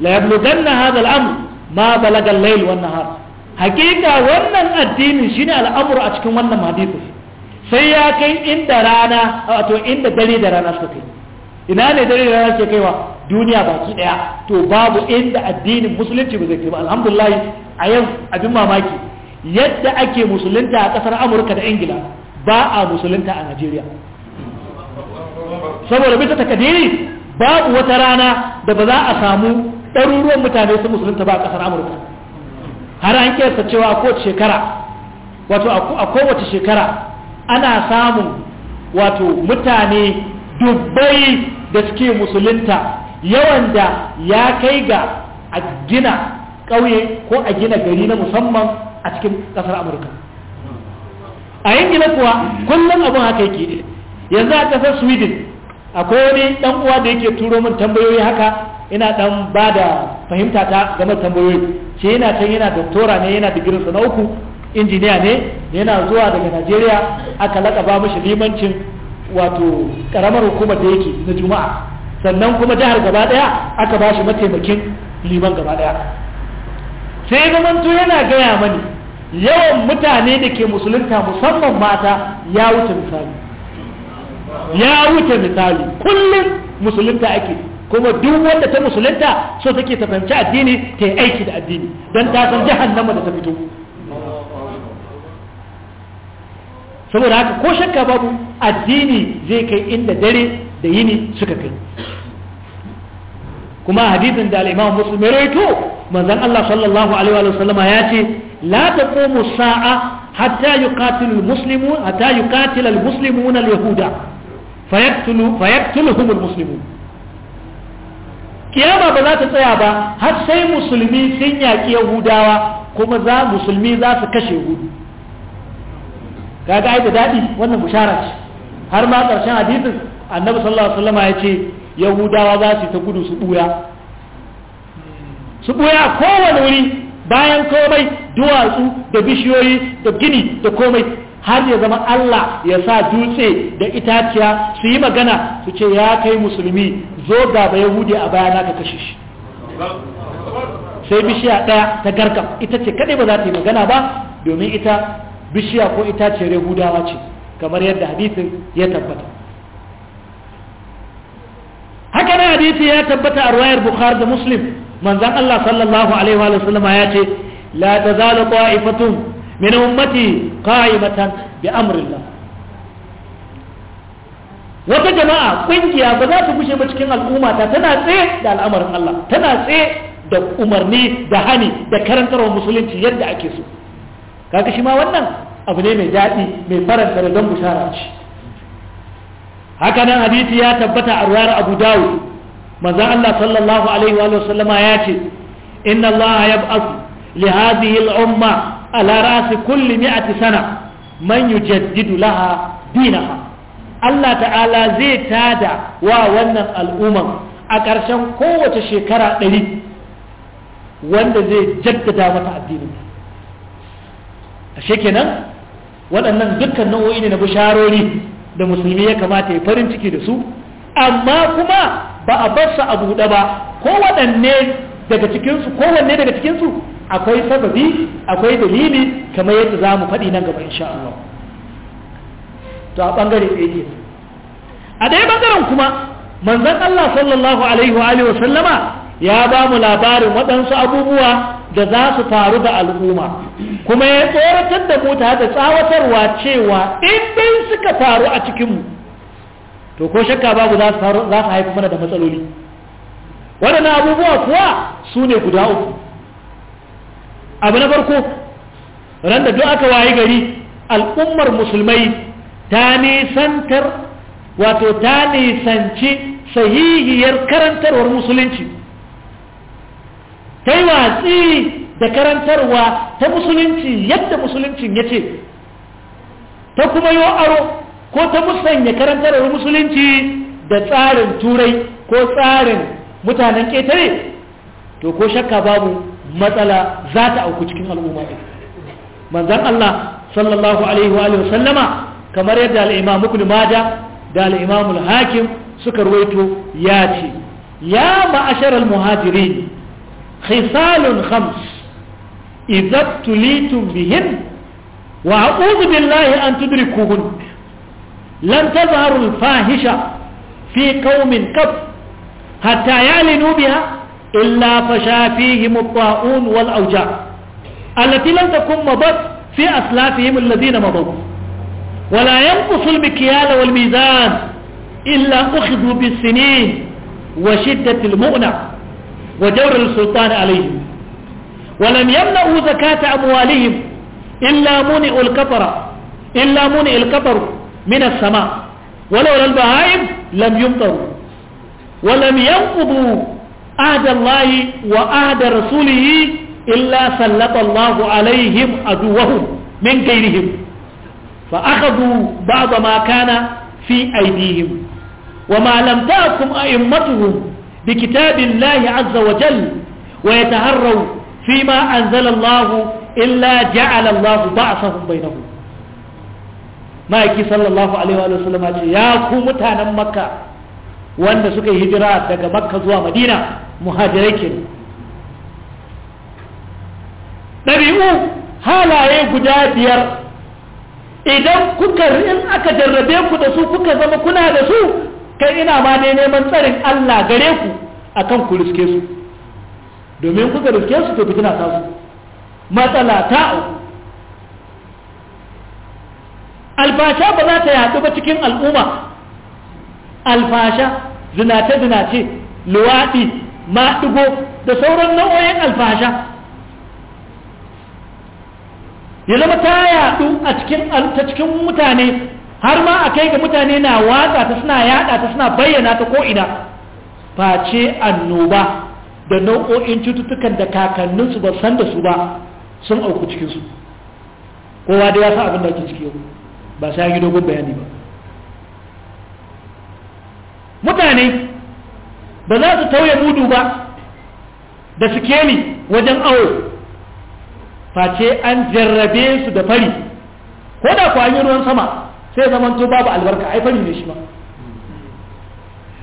la yablughanna hadha al-amr ma balaga al-layl wan nahar hakika wannan addinin shine al'amuru a cikin wannan hadisi sai ya kai inda rana wato inda dare da rana suka kai ina ne dare da rana suka kai wa? duniya baki daya to babu inda addinin musulunci ba zai kai ba alhamdulillah a yau abin mamaki yadda ake musulunta a kasar amurka da ingila ba a musulunta a najeriya saboda bisa takadiri babu wata rana da ba za a samu ɗaruruwan mutane su musulunta ba a ƙasar amurka har an kiyasta cewa a kowace shekara wato a kowace shekara ana samun wato mutane dubbai da suke musulunta yawan da ya kai ga a gina ƙauye ko a gina gari na musamman a cikin ƙasar amurka a na kuwa kullum abin haka yake yanzu a kasar sweden akwai wani dan uwa da yake turo min tambayoyi haka ina dan ba da fahimta ta game tambayoyi ce yana can yana doktora ne yana da na uku injiniya ne yana zuwa daga najeriya aka lakaba mishi limancin wato karamar hukumar da yake na juma'a sannan kuma jihar gaba daya aka ba shi mataimakin liman gaba daya sai zamanto yana gaya mani yawan mutane da ke musulunta musamman mata ya wuce misali ya wuce misali kullum musulunta ake kuma duk wanda ta musulunta so take tafanci addini ta yi aiki da addini don ta san jahannama da ta fito saboda haka ko shakka babu addini zai kai inda dare da yini suka kai kuma hadithin da al'imam musulmi raito manzan Allah sallallahu alaihi wa ya ce la taqumu sa'a hatta yuqatilu almuslimun hatta yuqatila almuslimuna alyahuda fayaktulu fayaktuluhum almuslimun kiyama ba za ta tsaya ba har sai musulmi sun yaki yahudawa kuma musulmi za su kashe hudu kaga ai da daɗi wannan bushara ce har ma karshen hadisin annabi sallallahu alaihi wasallam ya ce yahudawa za su ta gudu su buya su kowane wuri bayan komai duwatsu da bishiyoyi da gini da komai har ya zama Allah ya sa dutse da itaciya su yi magana su ce ya kai musulmi zo ba yahudi a bayana ka kashe shi sai bishiya ɗaya ta garka ita ce kaɗai ba za ta yi magana ba domin ita bishiya ko itaciyar yahudawa ce kamar yadda hadisin ya tabbata haka na hadisi ya tabbata a ruwayar bukhari da muslim manzon Allah sallallahu alaihi wa sallama ya ce la tazalu qa'ifatun min ummati qa'imatan bi amrillah wata jama'a ƙungiya ba za ta gushe ba cikin al'umma ta tana tsaye da al'amarin Allah tana tsaye da umarni da hani da karantarwa musulunci yadda ake so kaga shi ma wannan abu ne mai daɗi mai faranta da don bushara ce haka nan hadisi ya tabbata a ruwayar abu dawud Maza Allah sallallahu alaihi wa sallama ya ce inna Allah yab'ath li hadhihi al-umma ala ra's kulli mi'ati sana man yujaddidu laha dinaha Allah ta'ala zai tada wa wannan al'umman a ƙarshen kowace shekara ɗari wanda zai jaddada mata addinin ashe kenan waɗannan dukkan nau'o'i ne na bisharori da musulmi ya kamata ya farin ciki da su amma kuma ba a barsa a buɗe ba ko waɗanne daga cikinsu kowanne daga cikinsu akwai sababi akwai dalili kamar yadda zamu faɗi nan gaba insha Allah to a bangare ɗaya ke a ɗaya ɓangaren kuma manzan Allah sallallahu alaihi wa sallama ya ba mu labarin waɗansu abubuwa da za su faru da al'umma kuma ya tsoratar da mu ta da tsawatarwa cewa in dai suka faru a cikinmu to ko shakka babu za su haifi mana da matsaloli waɗannan abubuwa kuwa su ne guda uku abu na farko ran da duk aka waye gari al'ummar musulmai ta nisantar wato ta nisanci sahihiyar karantarwar musulunci ta yi watsi da karantarwa ta musulunci yadda musuluncin ya ce ta kuma yi aro ko ta musanya karantarwar musulunci da tsarin turai ko tsarin mutanen ƙetare to ko shakka babu matsala za ta auku cikin al'umma ɗin manzan Allah sallallahu alaihi wa sallama kamar yadda al'imamu Mada, da alimamul hakim suka ruwaito ya ce ya ma'ashar al-muhajirin khisalun khams idza tulitum bihin wa a'udhu billahi an tudrikuhun لن تظهر الفاحشة في قوم قط حتى يعلنوا بها إلا فشا فيهم الطاعون والأوجاع التي لم تكن مضت في أسلافهم الذين مضوا ولا ينقص المكيال والميزان إلا أخذوا بالسنين وشدة المؤنة وجور السلطان عليهم ولم يمنعوا زكاة أموالهم إلا منئوا الكفر إلا منئ الكفر min as-sama walau lal bahaim lam yumtaru wa lam yanqudu ahda Allah wa ahda rasulih illa sallata Allah alaihim aduwahum min ghayrihim fa akhadhu ba'd ma kana fi aydihim وما لم تأكم أئمتهم بكتاب الله عز وجل ويتهروا فيما أنزل الله إلا جعل الله بعثهم بينهم ma'aiki sallallahu alaihi wa sallam ce ya ku mutanen makka wanda suka yi hijira daga makka zuwa madina muhajirai ke ɗabi'u halaye guda biyar idan kuka in aka jarrabe ku da su kuka zama kuna da su kai ina ma ne neman tsarin Allah gare ku akan ku riske su domin kuka riske su to fitina ta su matsala ta alfasha ba za ta yaɗu ba cikin al'umma alfasha zinace-zinace luwaɗi maɗigo da sauran nau'o'in alfasha ya zama ta yaɗu a cikin mutane har ma a kai ga mutane na watsa ta suna yaɗa ta suna bayyana ta ko'ina face annoba da nau'o'in cututtukan da kakanninsu ba san da su ba sun auku cikinsu kowa da ya sa abin da ake ciki yau ba sa yi dogon bayani ba mutane ba za su tauye mudu ba da ni wajen awo face an jarrabe su da fari ko da ku yi ruwan sama sai zaman to babu albarka ai fari ne shi ba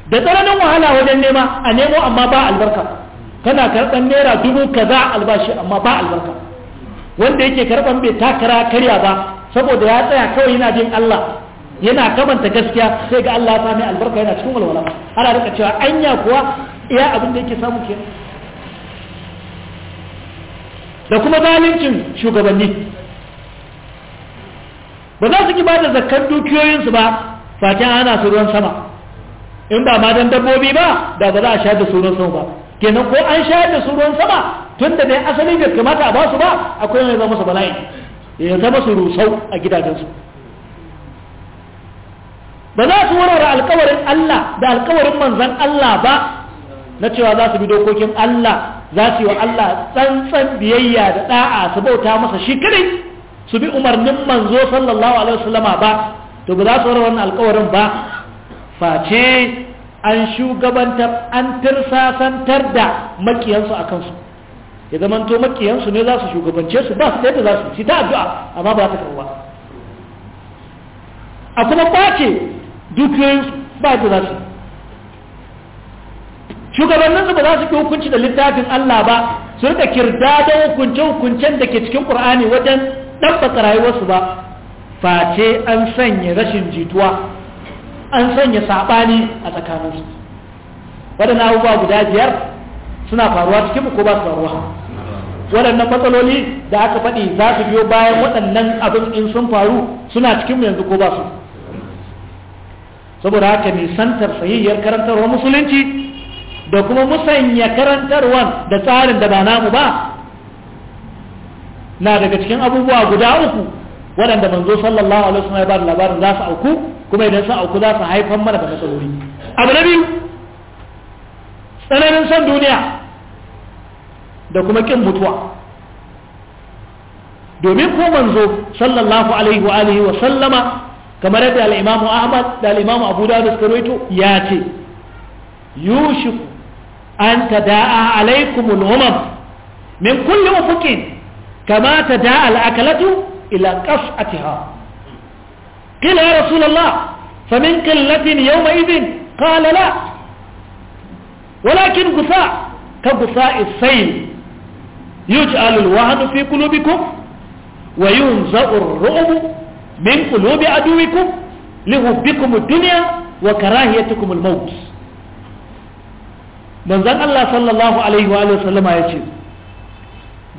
da tsananin wahala wajen nema a nemo amma ba albarka kana karɓar naira dubu kaza albashi amma ba albarka wanda yake karɓar bai takara karya ba saboda ya tsaya kawai yana jin Allah yana kamanta gaskiya sai ga Allah ya mai albarka yana cikin walwala ana rika cewa anya kuwa iya abin da yake samu kenan da kuma zaluncin shugabanni ba za su ki ba da zakkar dukiyoyinsu ba fatin ana su ruwan sama in ba ma dan dabbobi ba da ba za a sha da su ruwan sama ba kenan ko an sha da su ruwan sama tun da asali da kamata a ba su ba akwai wani zama su bala'i ya zama su rusau a gidajensu ba za su wurare alkawarin Allah da alkawarin manzan Allah ba na cewa za su bi dokokin Allah za su yi wa Allah tsantsan biyayya da ɗa'a su bauta masa shi kadai su bi umarnin manzo sallallahu alaihi wasallama ba to ba za su wurare wannan alkawarin ba face an shugabantar an tirsasantar da makiyansu a kansu ya zamanto makiyansu ne za su shugabance su ba su da yadda za su ci ta addu'a amma ba ta karuwa a kuma ɓace dukiyoyinsu ba yadda za su Shugabannin su ba za su ƙi hukunci da littafin Allah ba su rika kirda da hukunce-hukuncen da ke cikin ƙur'ani wajen ɗabbaka rayuwarsu ba face an sanya rashin jituwa an sanya saɓani a tsakaninsu waɗannan abubuwa guda biyar suna faruwa cikin ko ba su faruwa waɗannan matsaloli da aka faɗi za su biyo bayan waɗannan abin in sun faru suna cikin yanzu ko ba su saboda haka nisantar sahihiyar karantarwa musulunci da kuma musanya karantarwan da tsarin da ba namu ba na daga cikin abubuwa guda uku waɗanda manzo sallallahu alaihi wasallam ya ba da labarin za su auku kuma idan sun auku za su haifar mana da matsaloli abu na biyu tsananin son duniya da kuma kin mutuwa domin ko manzo sallallahu alaihi wa alihi wa sallama kamar yadda al-imamu ahmad da al-imamu abu dawud suka rawaito ya ce yushik an tada'a alaikum al-umam min kulli ufuqin kama tada'a al-akalatu ila qas'atiha qila ya rasulullah famin qillatin yawma idin qala la walakin gusa ka gusa is-sayl يجعل الوهن في قلوبكم وينزع الرعب من قلوب عدوكم لحبكم الدنيا وكراهيتكم الموت manzon Allah sallallahu alaihi wa sallama ya ce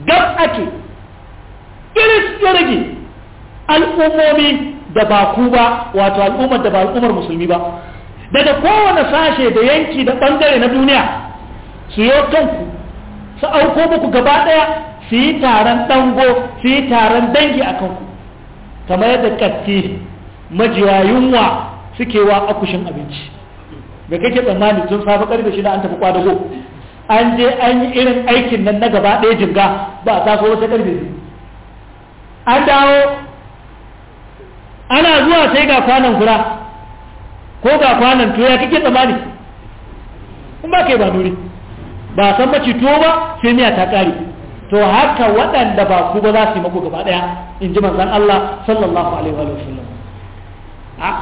gab ake iris ya al'ummomi da ba ku ba wato al'ummar da ba al'ummar musulmi ba daga kowane sashe da yanki da bangare na duniya su yi su auko muku gaba ɗaya su yi taron dango su yi taron dangi a kanku kamar yadda katti majiya yunwa suke wa akushin abinci da kake tsammani tun safe karfe shida an tafi kwadago an je an yi irin aikin nan na gaba ɗaya jinga ba a taso wata karfe an dawo ana zuwa sai ga kwanan kura ko ga kwanan tuya kake tsammani in ba ba nuri ba san maci tuwo ba sai miya ta kare to haka waɗanda ba ku ba za su yi mako gaba ɗaya in ji manzan Allah sallallahu alaihi wa sallam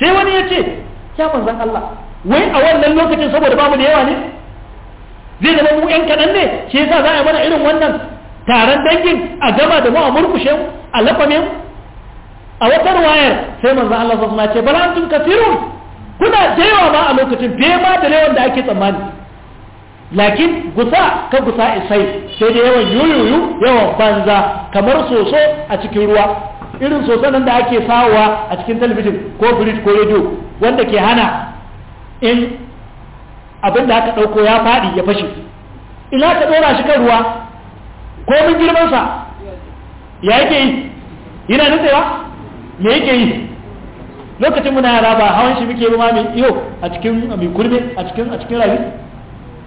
sai wani ya ce ya manzan Allah wai a wannan lokacin saboda bamu da yawa ne zai zama mu yan kaɗan ne shi yasa za a yi mana irin wannan taron dangin a gama da mu a murkushe a lafame a wata ruwayar sai manzan Allah sallallahu alaihi wa sallam ce bala antum kasirun kuna da yawa ma a lokacin fiye ma da yawan da ake tsammani lakin gusa ka gusa isai sai da yawan yoyoyo yawan banza kamar soso a cikin ruwa irin soso nan da ake sawa a cikin talabijin ko bridge ko radio wanda ke hana in abin da aka ɗauko ya faɗi ya fashe ina ka ɗora shi kan ruwa ko mun sa? ya yake yi yana nutsewa me yake yi lokacin muna yara ba hawan shi muke ba mai iyo a cikin mai kurbe a cikin a cikin rayu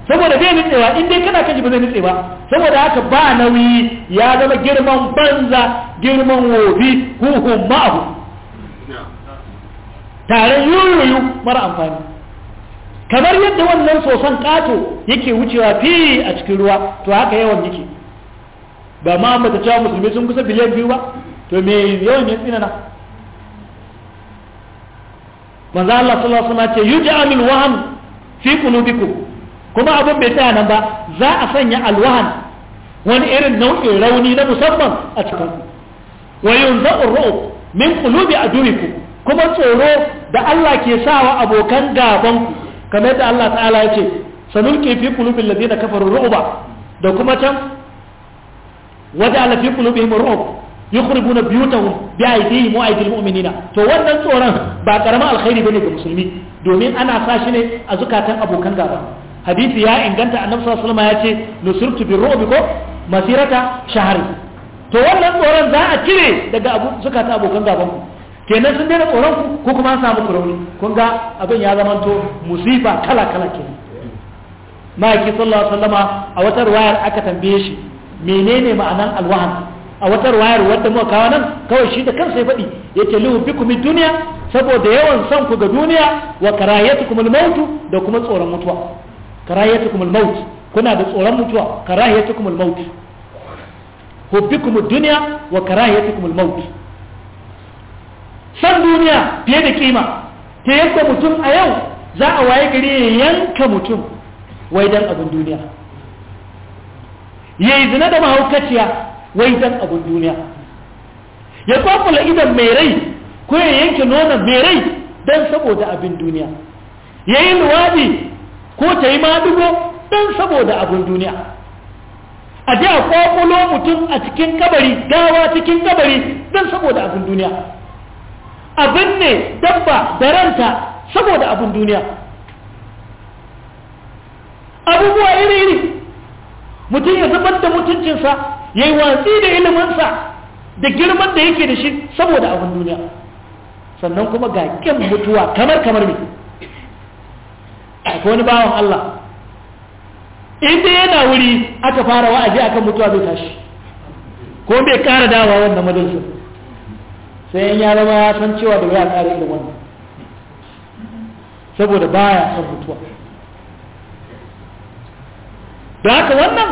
saboda bai nutsewa in dai kana kan shi ba zai nutse ba saboda haka ba nauyi ya zama girman banza girman wofi huhun ma'ahu tare yuyuyu mara amfani kamar yadda wannan soson kato yake wucewa fi a cikin ruwa to haka yawan yake ba ma mata cewa musulmi sun kusa biliyan biyu ba to me yawan ya tsinana manzo Allah sallallahu alaihi wasallam ce yuj'alul waham fi qulubikum kuma abin bai tsaya nan ba za a sanya alwahan wani irin nau'in rauni na musamman a cikin wa yunza'ur ru'ub min qulubi aduwikum kuma tsoro da Allah ke sawa abokan gaban ku kamar yadda Allah ta'ala ya ce sanulqi fi qulubil ladina kafaru ru'ba da kuma can waja'ala fi qulubihim ru'ub yukhribuna biyutahum bi aydihim wa aydil mu'minina to wannan tsoron ba karaman alkhairi bane ga musulmi domin ana sa shi ne a zukatan abokan gaba hadisi ya inganta annabi sallallahu alaihi wasallam ya ce nusirtu bi ru'bi ko masirata shahar to wannan tsoron za a cire daga abu suka ta abokan gaban ku kenan sun daina tsoron ku ko kuma an samu kurauni kun ga abin ya zamanto musiba kala kala kenan ma'aiki sallallahu alaihi wasallama a wata ruwayar aka tambaye shi menene ma'anan alwahan a wata ruwayar wadda muka kawo nan kawai shi da kansa ya faɗi yake lihu bikum duniya saboda yawan son ku ga duniya wa karayatukum al da kuma tsoron mutuwa karahiyatukum al-maut kuna da tsoron mutuwa karahiyatukum al-maut hubbikum ad-dunya wa karahiyatukum al-maut san duniya fiye da kima ta yadda mutum a yau za a waye gari ya yanka mutum wai dan abin duniya yayi zina da mahaukaciya wai dan abin duniya ya kwafula idan mai rai ko ya yanke nonon mai rai dan saboda abin duniya ya yi ko ta yi madugo don saboda abin duniya a da a mutum a cikin kabari gawa cikin kabari don saboda abin duniya abin ne dabba da ranta saboda abin duniya abubuwa iri-iri mutum ya zubar da mutuncinsa ya yi watsi da iliminsa da girman da yake da shi saboda abin duniya sannan kuma ga ƙin mutuwa kamar kamar ne ko wani bawan Allah inda yana wuri aka fara wa'azi akan mutuwa bai tashi ko bai kara dawa wannan madarsa sai in ya zama ya san cewa da ya kare irin wannan saboda baya son mutuwa da haka wannan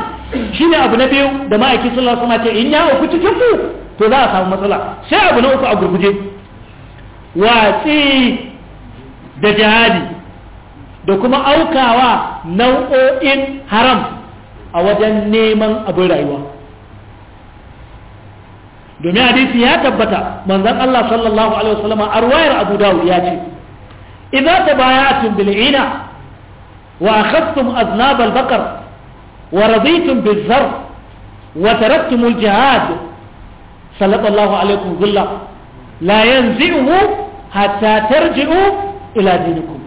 shine abu na biyu da ma'aiki sallallahu alaihi wasallam ce in ya uku cikin ku to za a samu matsala sai abu na uku a gurguje watsi da jihadi da kuma aukawa nau'o'in haram a wajen neman abin rayuwa domin hadisi ya tabbata manzan Allah sallallahu Alaihi wasallama a ruwayar abu dawud ya ce idan ta baya a bil'ina, wa akhastum aznab al-bakar wa raditum bizar wa taraktum al-jihad sallallahu alaikum zilla la yanzi'uhu hatta tarji'u ila dinikum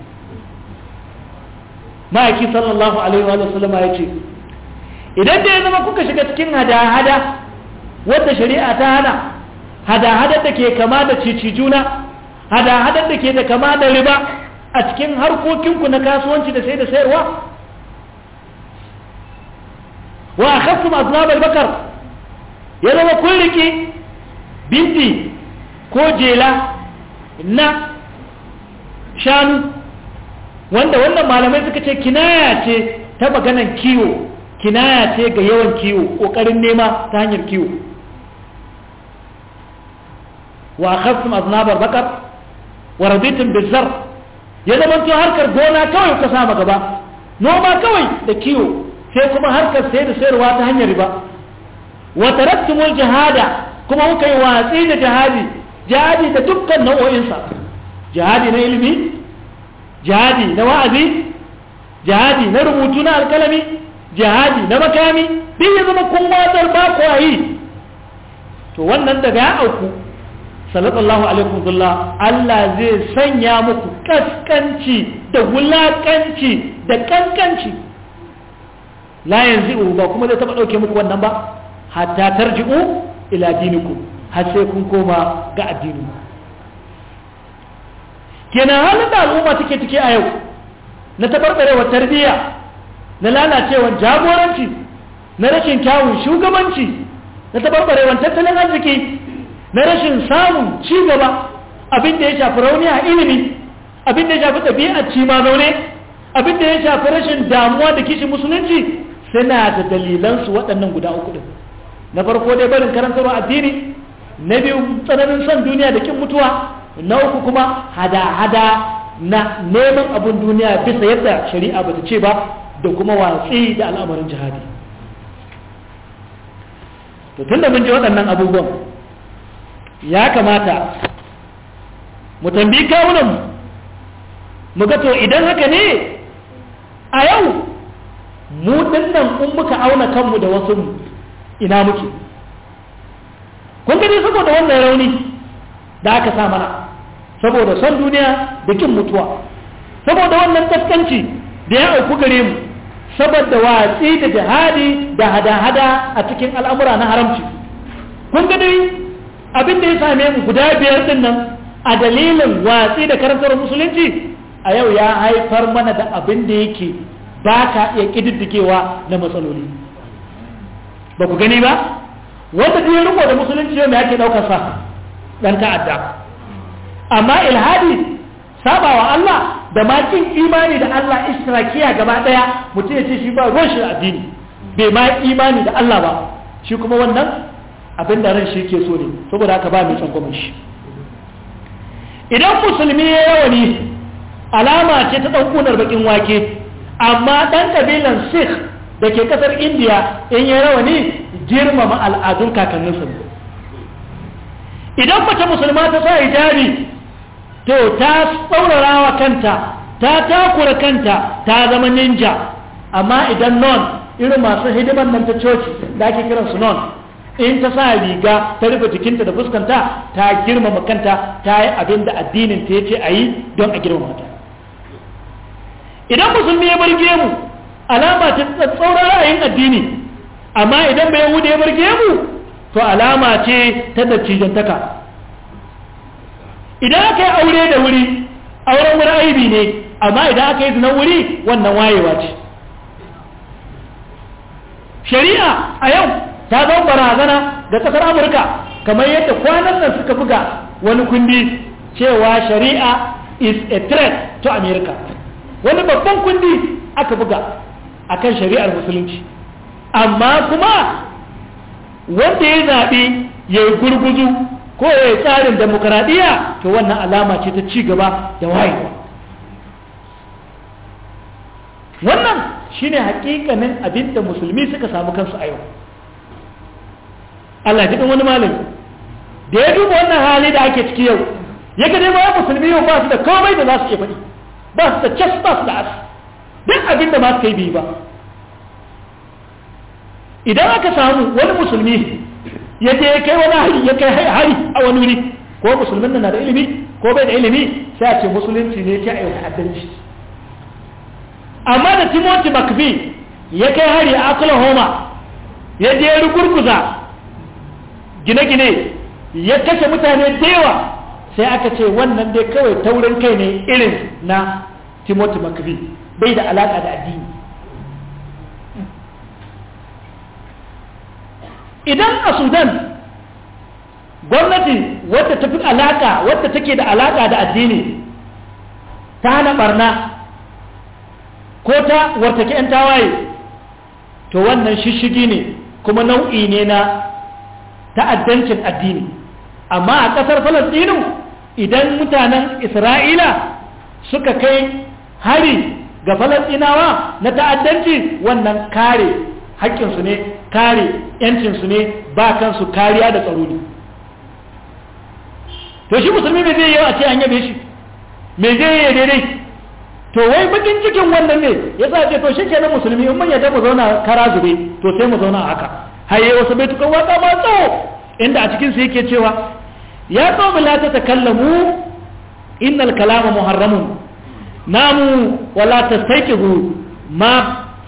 ma'aiki sallallahu alaihi wa sallama ya ce idan da ya zama kuka shiga cikin hada-hada wadda shari'a ta hana hada-hadar da ke kama da cici juna hada-hadar da ke da kama da riba a cikin harkokinku na kasuwanci da sai da sayarwa wa a kasu masu bakar ya zama kun riƙe bindi ko jela na shanu wanda wannan malamai suka ce kinaya ce ta maganan kiwo kinaya ce ga yawan kiwo ƙoƙarin nema ta hanyar kiwo wa khasum aznabar bakar wa raditum bizar ya zama to harkar gona kawai ka sama gaba noma kawai da kiwo sai kuma harkar sai da sayarwa ta hanyar riba wa taraktumul jihada kuma kuka yi watsi da jihadi jihadi da dukkan nau'o'insa jihadi na ilimi jihadi na wa'azi jihadi na rubutu na alkalami jihadi na makami duk ya zama kun watsar ba ku yi to wannan daga ya auku sallallahu alaikum zullah Allah zai sanya muku kaskanci da wulakanci da kankanci la yanzu ba kuma zai taba dauke muku wannan ba hatta tarji'u ila dinikum har sai kun koma ga addininku kenan halin da al'umma take take a yau na tabarbarewar tarbiyya na lalacewar jagoranci na rashin kyawun shugabanci na tabarbarewar tattalin arziki na rashin samun ci gaba abin da ya shafi rauni a ilimi abin da ya shafi ɗabi'a ci ma zaune abin da ya shafi rashin damuwa da kishin musulunci suna da dalilansu waɗannan guda uku ɗin na farko dai barin karantarwa addini na biyu tsananin son duniya da kin mutuwa na uku kuma hada-hada na neman abin duniya bisa yadda shari'a bata ce ba da kuma watsi da al'amarin jihadi to tun da mun ji waɗannan abubuwan ya kamata mu tambi kawunan mu ga to idan haka ne a yau mu dinnan in muka auna kanmu da wasu ina muke kun gani saboda wannan rauni da aka sa mana saboda son duniya da kin mutuwa saboda wannan kaskanci da ya auku gare mu saboda watsi da jihadi da hada-hada a cikin al'amura na haramci kun ga dai abin da ya same mu guda biyar din nan a dalilin watsi da karantar musulunci a yau ya haifar mana da abin da yake ba ka iya ƙididdigewa na matsaloli ba ku gani ba wanda ya riko da musulunci yau mai ake sa ɗan ta'adda amma ilhadi sabawa Allah da ma kin imani da Allah istirakiya gaba daya mutum ya ce shi ba ruwan shi addini bai ma imani da Allah ba shi kuma wannan abin da ran shi yake so ne saboda haka ba mai tsangwamin shi idan musulmi ya yawani alama ce ta dan kunar bakin wake amma dan kabilan sikh da ke kasar indiya in ya rawani girmama al'adun kakanninsa. idan mace musulma ta sa hijabi to ta wa kanta ta takura kanta ta zama ninja amma idan non irin masu hidimar nan ta coci da ake kiransu non in ta sa riga ta rufe jikinta da fuskanta ta girmama kanta ta yi abin da addinin ta yace a yi don a girmama ta idan musulmi ya barge mu alama ta tsaurara yin addini amma idan bai yahuda ya barge mu to alama ce ta dattijantaka idan aka yi aure da wuri auren wani aibi ne amma idan aka yi zinan wuri wannan wayewa ce shari'a a yau ta zama barazana da kasar amurka kamar yadda kwanan nan suka buga wani kundi cewa shari'a is a threat to america wani babban kundi aka buga akan shari'ar musulunci amma kuma wanda ya zaɓi ya yi gurguzu ko ya yi tsarin demokradiyya to wannan alama ce ta ci gaba da wayewa wannan shi ne hakikanin abin da musulmi suka samu kansu a yau Allah jiɗin wani malami da ya duba wannan hali da ake ciki yau ya ga dai musulmi yau ba su da komai da za su iya faɗi ba su da cas ba su da as duk abin da ma su kai biyu ba idan aka samu wani musulmi ya je ya kai wani hari ya kai hari a wani wuri ko musulmin nan na da ilimi ko bai da ilimi sai a ce musulunci ne ke ayyuka adalci amma da timothy mcvie ya kai hari a oklahoma ya je ya rugurguza gine-gine ya kashe mutane da yawa sai aka ce wannan dai kawai taurin kai ne irin na timothy mcvie bai da alaƙa da addini idan a sudan gwamnati wadda tafi alaka wadda take da alaƙa da addini ta hana barna ko ta wartake 'yan tawaye to wannan shishigi ne kuma nau'i ne na ta'addancin addini amma a ƙasar falastinu idan mutanen isra'ila suka kai hari ga falastinawa na ta'addanci wannan kare haƙƙinsu ne kare yancinsu ne ba kansu kariya da tsaro ne to shi musulmi mai zai yau a ce an yabe shi mai zai yi daidai to wai bakin cikin wannan ne ya sa ce to shi kenan musulmi in mun yadda mu zauna kara zube to sai mu zauna haka haye wasu bai tukan ma tsawo inda a cikinsu yake cewa ya tsawo la ta kallamu innal kalama muharramun namu wala tastaqihu ma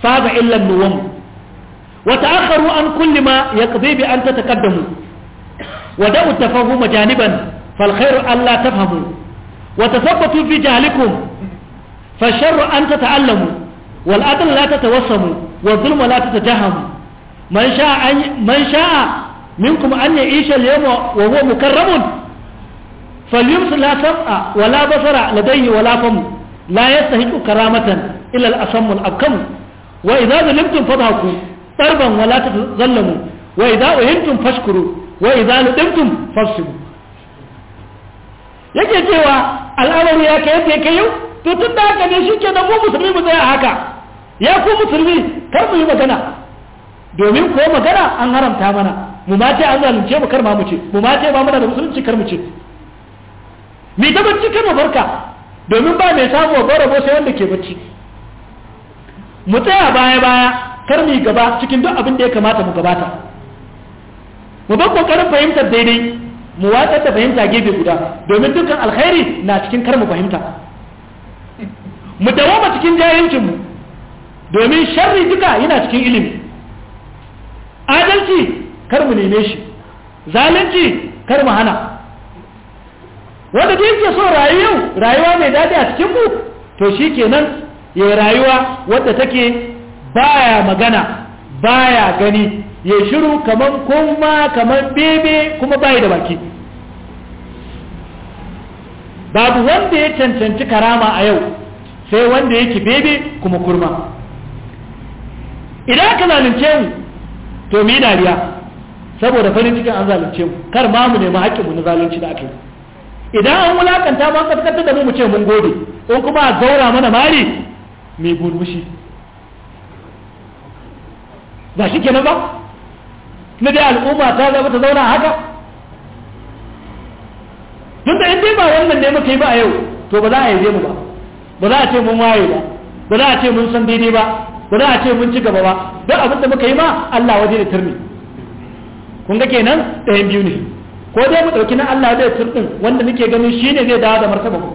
faɗa illan nuwam وتأخروا عن كل ما يقضي بأن تتقدموا ودعوا التفاهم جانبا فالخير ألا تفهموا وتثبتوا في جهلكم فالشر أن تتعلموا والعدل لا تتوسموا والظلم لا تتجهموا من شاء, أن من شاء منكم أن يعيش اليوم وهو مكرم فليمس لا سمع ولا بصر لديه ولا فم لا يستهج كرامة إلا الأصم الأبكم وإذا ظلمتم فضحكوا ɗarban wala ta zallamu wa idza uhintum fashkuru wa idza nudimtum fasibu yake cewa al'amari ya kai yadda yake yau to tun da haka ne shike da mu musulmi mu tsaya haka ya ku musulmi kar mu yi magana domin ko magana an haramta mana mu ma ce an zalunce mu kar ma mu ce mu ma ce ba muna da musulunci kar mu ce mi ta bacci kar mu barka domin ba mai samu wa sai wanda ke bacci mu tsaya baya baya kar mu yi gaba cikin duk abin da ya kamata mu gabata mu bar kokarin fahimtar daidai mu watsar da fahimta gefe guda domin dukkan alkhairi na cikin kar mu fahimta mu dawoma cikin jahilcin mu domin sharri duka yana cikin ilimi adalci kar mu neme shi zalunci kar mu hana wanda duk yake so rayu rayuwa mai daɗi a cikin mu to shikenan ya rayuwa wadda take baya magana baya gani ya shiru kaman kuma kaman bebe kuma bai da baki babu wanda ya cancanci karama a yau sai wanda yake bebe kuma kurma idan ka zalunce mu to mu yi dariya saboda farin cikin an zalunce mu kar ma mu nemi haƙƙinmu na zalunci da aka yi idan an wulakanta ma kaskantar da mu mu ce mun gode in kuma a gaura mana mari mai gurmushi ba shi kenan ba na dai al'umma ta zama ta zauna haka tun da in dai ba wannan ne muka yi ba a yau to ba za a yaje mu ba ba za a ce mun waye ba ba za a ce mun san daidai ba ba za a ce mun ci gaba ba don abin da muka yi ma Allah waje da turmi kun ga kenan ɗayan biyu ne ko dai mu ɗauki na Allah zai turɗin wanda muke ganin shi ne zai dawo da martaba mu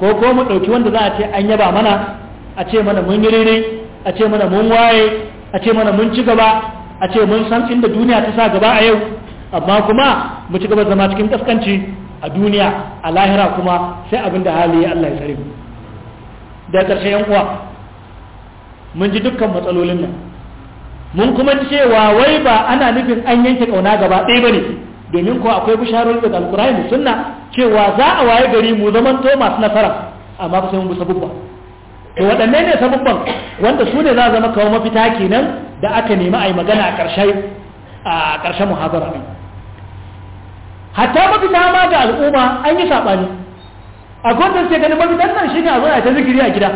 ko ko mu ɗauki wanda za a ce an yaba mana a ce mana mun yi rere a ce mana mun waye a ce mana mun ci gaba a ce mun san inda duniya ta sa gaba a yau amma kuma mu ci gaba zama cikin kaskanci a duniya a lahira kuma sai abin da hali Allah ya tsare mu da ƙarshe yan kuwa mun ji dukkan matsalolin nan mun kuma cewa wai ba ana nufin an yanke kauna gaba ɗaya ba ne domin ko akwai bisharori daga alkurani sunna cewa za a waye gari mu zamanto masu nasara amma ba sai mun bi sabubba to eh, waɗannan ne sabubban wanda su ne za a zama kawo mafita kenan da aka nemi a yi magana a ƙarshen a ɗin hatta mafita ma ga al'umma an yi saɓani a gwamnan sai gani mafitan nan shi ne a zana ta zikiri a gida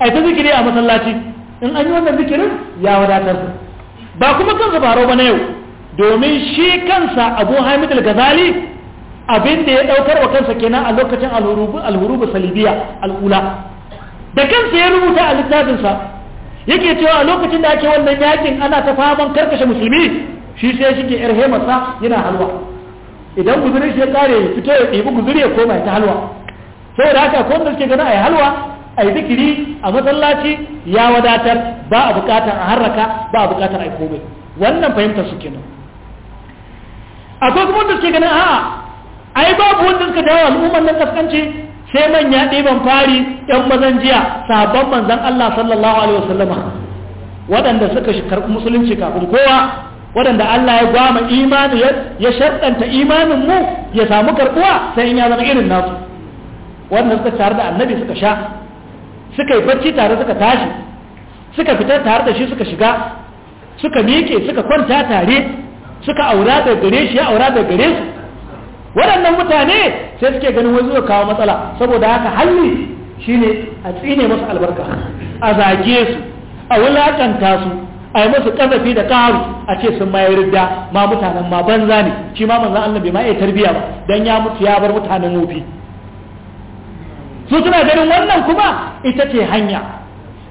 a ta zikiri a masallaci in an yi wannan zikirin ya wadatar ba kuma kansa zubaro ba na yau domin shi kansa abu hamid al-ghazali abin da ya ɗaukar wa kansa kenan a lokacin al-hurubu salibiya al da kansa ya rubuta a littafinsa yake cewa a lokacin da ake wannan yakin ana ta faman karkashe musulmi shi sai shi ke yar hemarsa yana halwa idan guzurin shi ya kare fito ya ɗibi guzuri ya koma ya ta halwa saboda haka ko da suke gani a yi halwa a yi zikiri a masallaci ya wadatar ba a bukatar a harraka ba a bukatar a yi komai wannan fahimtar su kenan akwai kuma da suke gani a'a ai babu wanda suka dawo al'ummar nan kaskanci sai manya ɗiban fari ‘yan mazan jiya sabon manzan Allah sallallahu Alaihi wasallama waɗanda suka karɓi musulunci kafin kowa waɗanda Allah ya gwama imani ya shaɗanta imanin mu ya samu karɓuwa sai in ya zama irin nasu waɗanda suka tare da annabi suka sha suka yi bacci tare suka tashi suka fita tare da shi suka shiga suka miƙe suka kwanta tare suka aura da gare shi ya aura da gare su waɗannan mutane sai suke ganin wani zuwa kawo matsala saboda haka halli shine a tsine masu albarka a zage su a wulakanta su a yi masu ƙazafi da ƙaru a ce sun ma yarda ma mutanen ma banza ne shi ma manzan Allah bai ma iya tarbiya ba dan ya mutu ya bar mutanen wofi su suna ganin wannan kuma ita ce hanya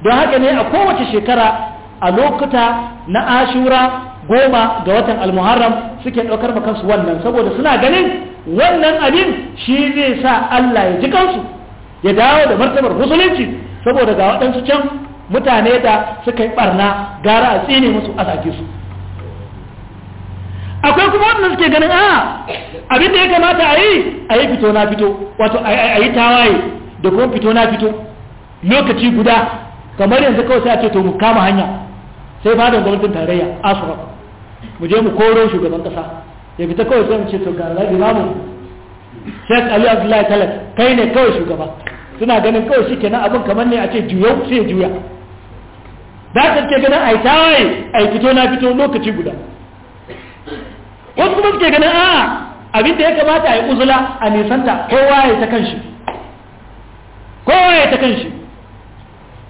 don haka ne a kowace shekara a lokuta na ashura goma ga watan almuharram suke ɗaukar kansu wannan saboda suna ganin wannan abin shi zai sa Allah ya ji kansu ya dawo da martabar musulunci saboda ga waɗansu can mutane da suka yi ɓarna, gara a tsine musu a sake su akwai kuma wannan suke ganin a ah, abin da ya kamata a yi a yi fito na fito wato a yi tawaye da kuma fito na fito lokaci guda kamar yanzu kawai sai a ce to mu kama hanya sai fadar gwamnatin tarayya asura mu je mu koro shugaban kasa ya ta kawai sai ce to ga alhaji mamu shek ali abdullahi talat kai ne kawai shugaba suna ganin kawai shi kenan abin kamar ne a ce juyo sai juya da ka ke ganin a yi tawaye a yi fito na fito lokaci guda wasu kuma suke ganin a abin da ya kamata a yi uzula a nisanta kowa ya ta kan shi kowa ya ta kan shi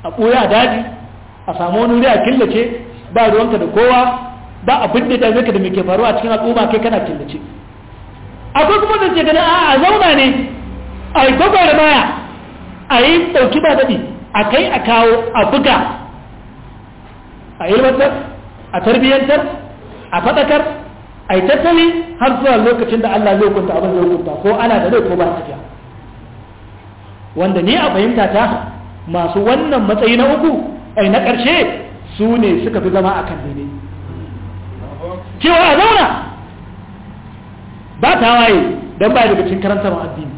a ɓoya a daji a samu wani wuri a killace ba ruwanka da kowa ba abin da dame ka da muke ke faruwa cikin al'umma kai kana killace akwai kuma da ce ganin a zauna ne a yi gwagwar maya a yi ɗauki ba dadi a kai a kawo a buga a ilmantar a tarbiyyantar a faɗakar a yi tattali har zuwa lokacin da Allah zai kunta abin zai kunta ko ana da ko ba tafiya wanda ni a fahimta ta masu wannan matsayi na uku ai na karshe su ne suka fi zama a kan daidai cewa a zauna ba ta waye don ba daga cikin karanta ma addini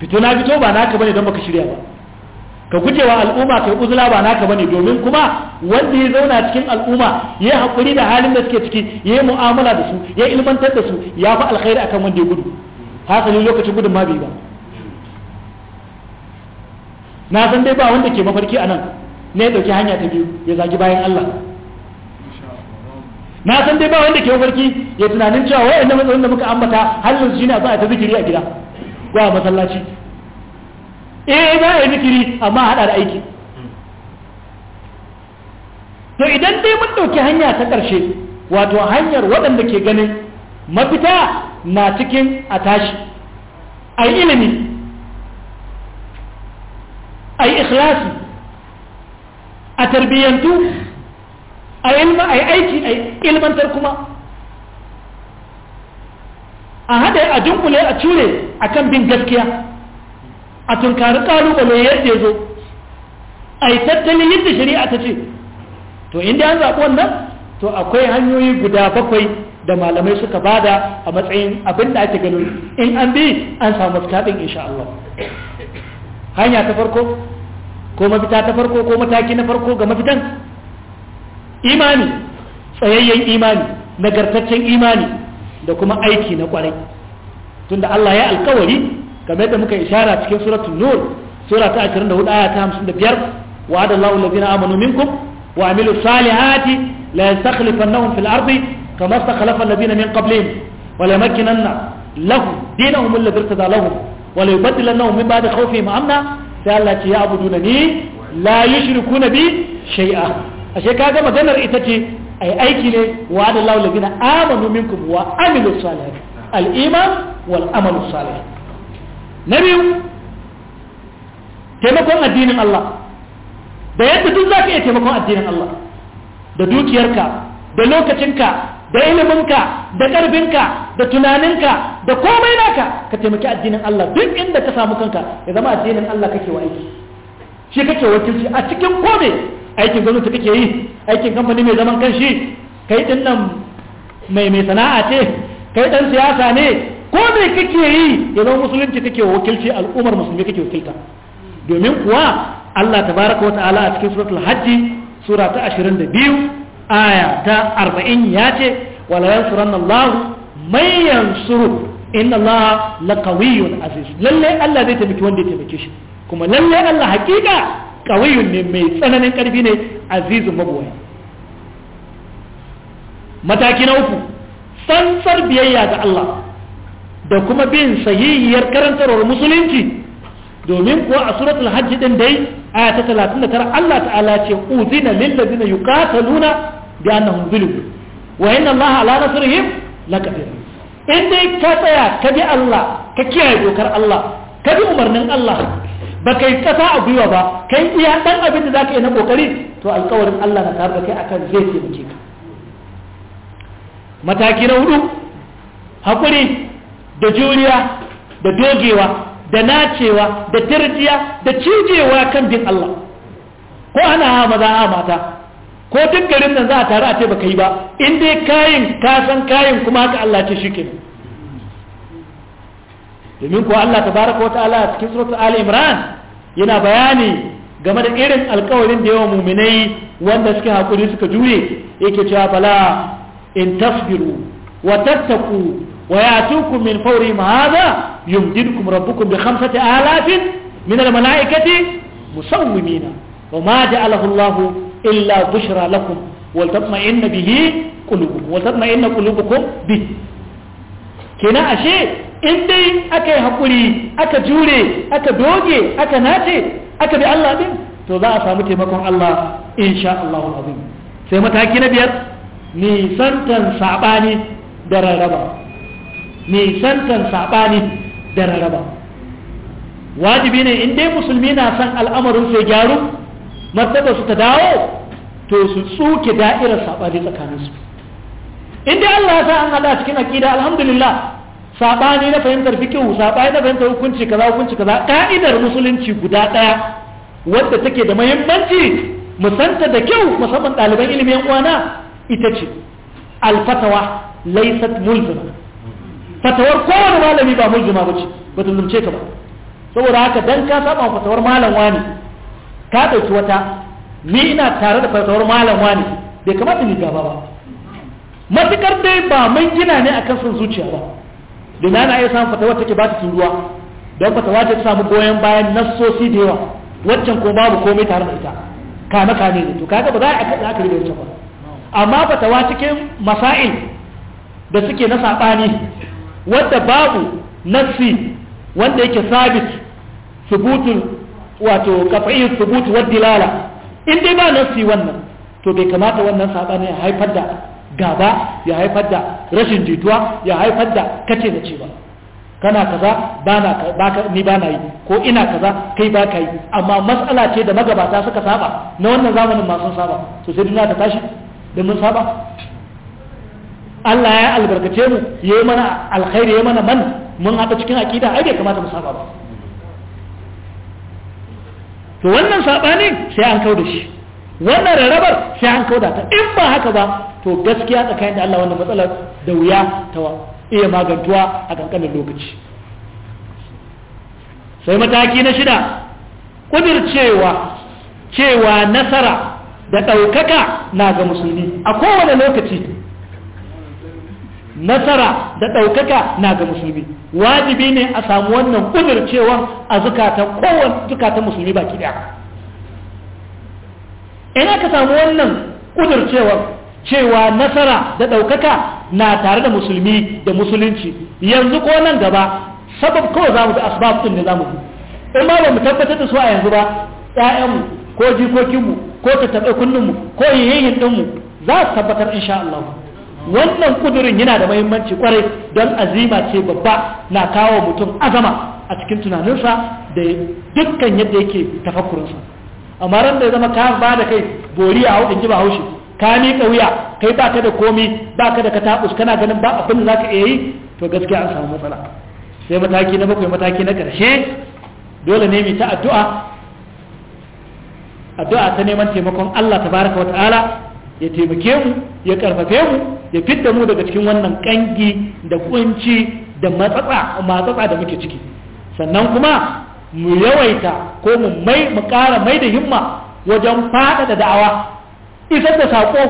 fito na fito ba naka bane don baka shirya ba ka gujewa al'umma kai uzula ba naka bane domin kuma wanda ya zauna cikin al'umma ya haƙuri da halin da suke ciki ya yi mu'amala da su ya ilmantar da su ya fi alkhairi akan wanda ya gudu hasali lokacin gudun ma bai ba na san dai ba wanda ke mafarki a nan ne ya ɗauki hanya ta biyu ya zagi bayan Allah na san dai ba wanda ke mafarki ya tunanin cewa wayannan matsalolin da muka ambata halin su shi za a ta zikiri a gida ko a masallaci eh za a yi zikiri amma hada da aiki to idan dai mun dauki hanya ta karshe wato hanyar waɗanda ke ganin mafita na cikin a tashi a ilimi a yi ikhlasi a tarbiyyantu a yi aiki a ilmantar kuma a haɗe a dunkule a cure a kan bin gaskiya a tunkari ƙalubale yadda ya zo a yi tattalin yadda shari'a ta ce to inda an zaɓi wannan to akwai hanyoyi guda bakwai da malamai suka bada a matsayin abin da ake ganin in an bi an samu in insha Allah hanya ta farko ko mafita ta farko ko mataki na farko ga mafitan imani tsayayyen imani nagartaccen imani da kuma aiki na kwarai tunda Allah ya alkawari kamar yadda muka ishara cikin suratul nur sura ta 24 aya ta 55 wa'ada Allahu allazina amanu minkum wa amilu salihati la yastakhlifannahum fil ardi kama istakhlafa allazina min qablihim wa la makinanna lahum dinahum alladhi irtada lahum wa la yubaddilannahum min ba'di khawfihim amna sai Allah ya la yushrikuna bi shay'a ashe ga maganar ita ce ai aiki ne wa da lawla gina amanu minkum wa amilu salih al wal amalu salih na biyu taimakon addinin Allah da yadda duk ka iya taimakon addinin Allah da dukiyarka da lokacinka da iliminka da ƙarfinka da tunaninka da komai naka ka taimaki addinin Allah duk inda ka samu kanka ya zama addinin Allah kake wa aiki shi kake wakilci a cikin komai. aikin gwamnati kake yi aikin kamfani mai zaman kanshi kai din nan mai mai sana'a ce kai dan siyasa ne ko mai kake yi ya zama musulunci kake wakilci al'ummar musulmi kake wakilta domin kuwa Allah tabaraka wa ta'ala a cikin suratul hajji sura ta 22 aya ta 40 ya ce wala yansuranna Allah mai yansuru inna Allah laqawiyyun aziz lalle Allah zai taimaki wanda ya taimake shi kuma lalle Allah hakika kawiyun ne mai tsananin karfi ne azizun mabuwai mataki na uku tsantsar biyayya ga Allah da kuma bin sahihiyar karantarwar musulunci domin kuwa a suratul hajji din dai a ta tara, Allah ta'ala ce uzina lil ladina yuqataluna bi annahum zulimu wa inna Allah ala nasrihim laqadir in dai ka tsaya ka bi Allah ka kiyaye dokar Allah ka bi umarnin Allah ba kai kasa a gwiwa ba kai iya dan abin da zaka yi na kokari to alƙawarin Allah na tare da kai akan zai taimake ka mataki na hudu hakuri da juriya da dogewa da nacewa da tarjiya da cijewa kan bin Allah ko ana ha maza ha mata ko duk garin nan za a tare a ce baka yi ba in dai kayin kasan kayin kuma haka Allah ce shi kenan domin kuwa Allah tabaraka wa ta'ala a cikin suratul Ali Imran yana bayani game da irin alkawarin da yawa muminai wanda suke hakuri suka jure yake cewa bala in tasbiru wa tattaku wa yatukum min fawri ma hadha yumdidukum rabbukum bi khamsati alafin min al malaikati musawwimina wa ma ja'alahu Allah illa bushra lakum wal tatma'inna bihi qulubukum wal tatma'inna qulubukum bi kina ashe in dai aka yi haƙuri aka jure aka doge aka nace aka bi Allah din to za a samu taimakon Allah insha Allah azim sai mataki na biyar nisantan saɓani da rarraba nisantan saɓani da rarraba wajibi ne in dai musulmi na son al'amarin sai gyaru martaba su ta dawo to su tsuke da'irar saɓani tsakaninsu in dai Allah ya sa an a cikin aƙida alhamdulillah saɓani na fahimtar fikihu saɓani na fahimtar hukunci kaza hukunci kaza ka'idar musulunci guda ɗaya wadda take da muhimmanci musanta da kyau musamman ɗaliban ilimin uwana ita ce alfatawa laisat mulzima fatawar kowane malami ba mulzima ba ce ba ta zumce ka ba saboda haka dan ka saba fatawar malam wani ka ɗauki wata ni ina tare da fatawar malam wani bai kamata ni gaba ba matukar dai ba mai gina ne akan son zuciya ba da na iya samun fatawa take ba ta turuwa don fatawa ta samu goyon bayan nassosi da yawa waccan ko babu komai tare da ita kame kame ne to kaga ba za a ka aka da ba amma fatawa cikin masa'il da suke na saɓani wadda babu nassi wanda yake sabit subutul wato kafa'i subutu wadda lala in dai ba nassi wannan to bai kamata wannan sabani ya haifar da gaba ya haifar da rashin jituwa ya haifar da kace da cewa kana kaza bana baka ni bana yi ko ina kaza kai baka yi amma matsala ce da magabata suka saba na wannan zamanin ma sun saba to sai duniya ta tashi da mun saba Allah ya albarkace mu yayi mana alkhairi yayi mana man mun haɗa cikin akida ai bai kamata mu saba ba to wannan saba ne sai an kau da shi wannan rarrabar sai an kauda ta in ba haka ba to gaskiya tsakanin da Allah wannan matsalar da wuya ta iya magantuwa a kankanin lokaci sai mataki na shida kudircewa cewa nasara da ɗaukaka na ga musulmi a kowane lokaci nasara da ɗaukaka na ga musulmi wajibi ne a samu wannan kudircewa a zukatan musulmi baki ɗaya ina ka samu wannan kudur cewa nasara da ɗaukaka na tare da musulmi da musulunci yanzu ko nan gaba sabab kawai za mu ji asbab ɗin da za mu in ma ba mu tabbatar da su a yanzu ba ƴaƴanmu ko jikokinmu ko tattaɓe kunninmu ko yayyin ɗinmu za su tabbatar insha Allah wannan kudurin yana da mahimmanci kwarai don azima ce babba na kawo mutum azama a cikin tunaninsa da dukkan yadda yake tafakkurinsa amma ran da ya zama ka ba da kai bori a hau in ji ba haushi ka miƙa wuya kai ba ka da komi ba ka da katabus kana ganin ba abin da za ka iya yi to gaskiya an samu matsala sai mataki na bakwai mataki na ƙarshe dole ne mai ta addu'a addu'a ta neman taimakon Allah tabaraka wata'ala ya taimake mu ya karfafe mu ya fitta mu daga cikin wannan kangi da kunci da matsatsa matsatsa da muke ciki sannan kuma mu yawaita ko mu mai mu kara mai da himma wajen faɗaɗa da'awa isar da sako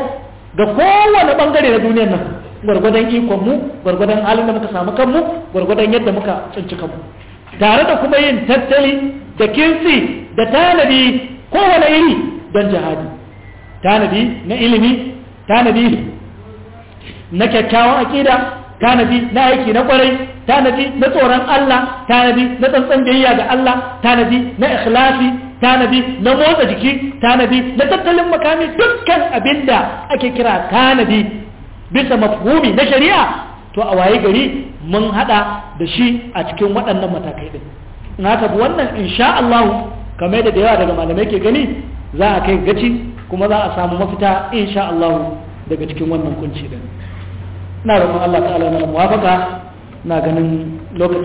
ga kowane ɓangare na duniyar nan gwargwadon ikon mu gwargwadon halin da muka samu kanmu gwargwadon yadda muka tsinci kanmu tare da kuma yin tattali da kinsi da tanadi kowane iri don jihadi tanadi na ilimi tanadi na kyakkyawan aƙida tanadi na aiki na kwarai tanadi na tsoron Allah tanadi na tsantsan biyayya ga Allah tanadi na ikhlasi tanadi na motsa jiki tanadi na tattalin makami dukkan abinda ake kira tanadi bisa mafhumi na shari'a to a waye gari mun hada da shi a cikin waɗannan matakai din na tafi wannan insha Allah kamar da yawa daga malamai ke gani za a kai gaci kuma za a samu mafita insha Allah daga cikin wannan kunci din ina roƙon Allah ta'ala na muwafaka ina ganin lokacin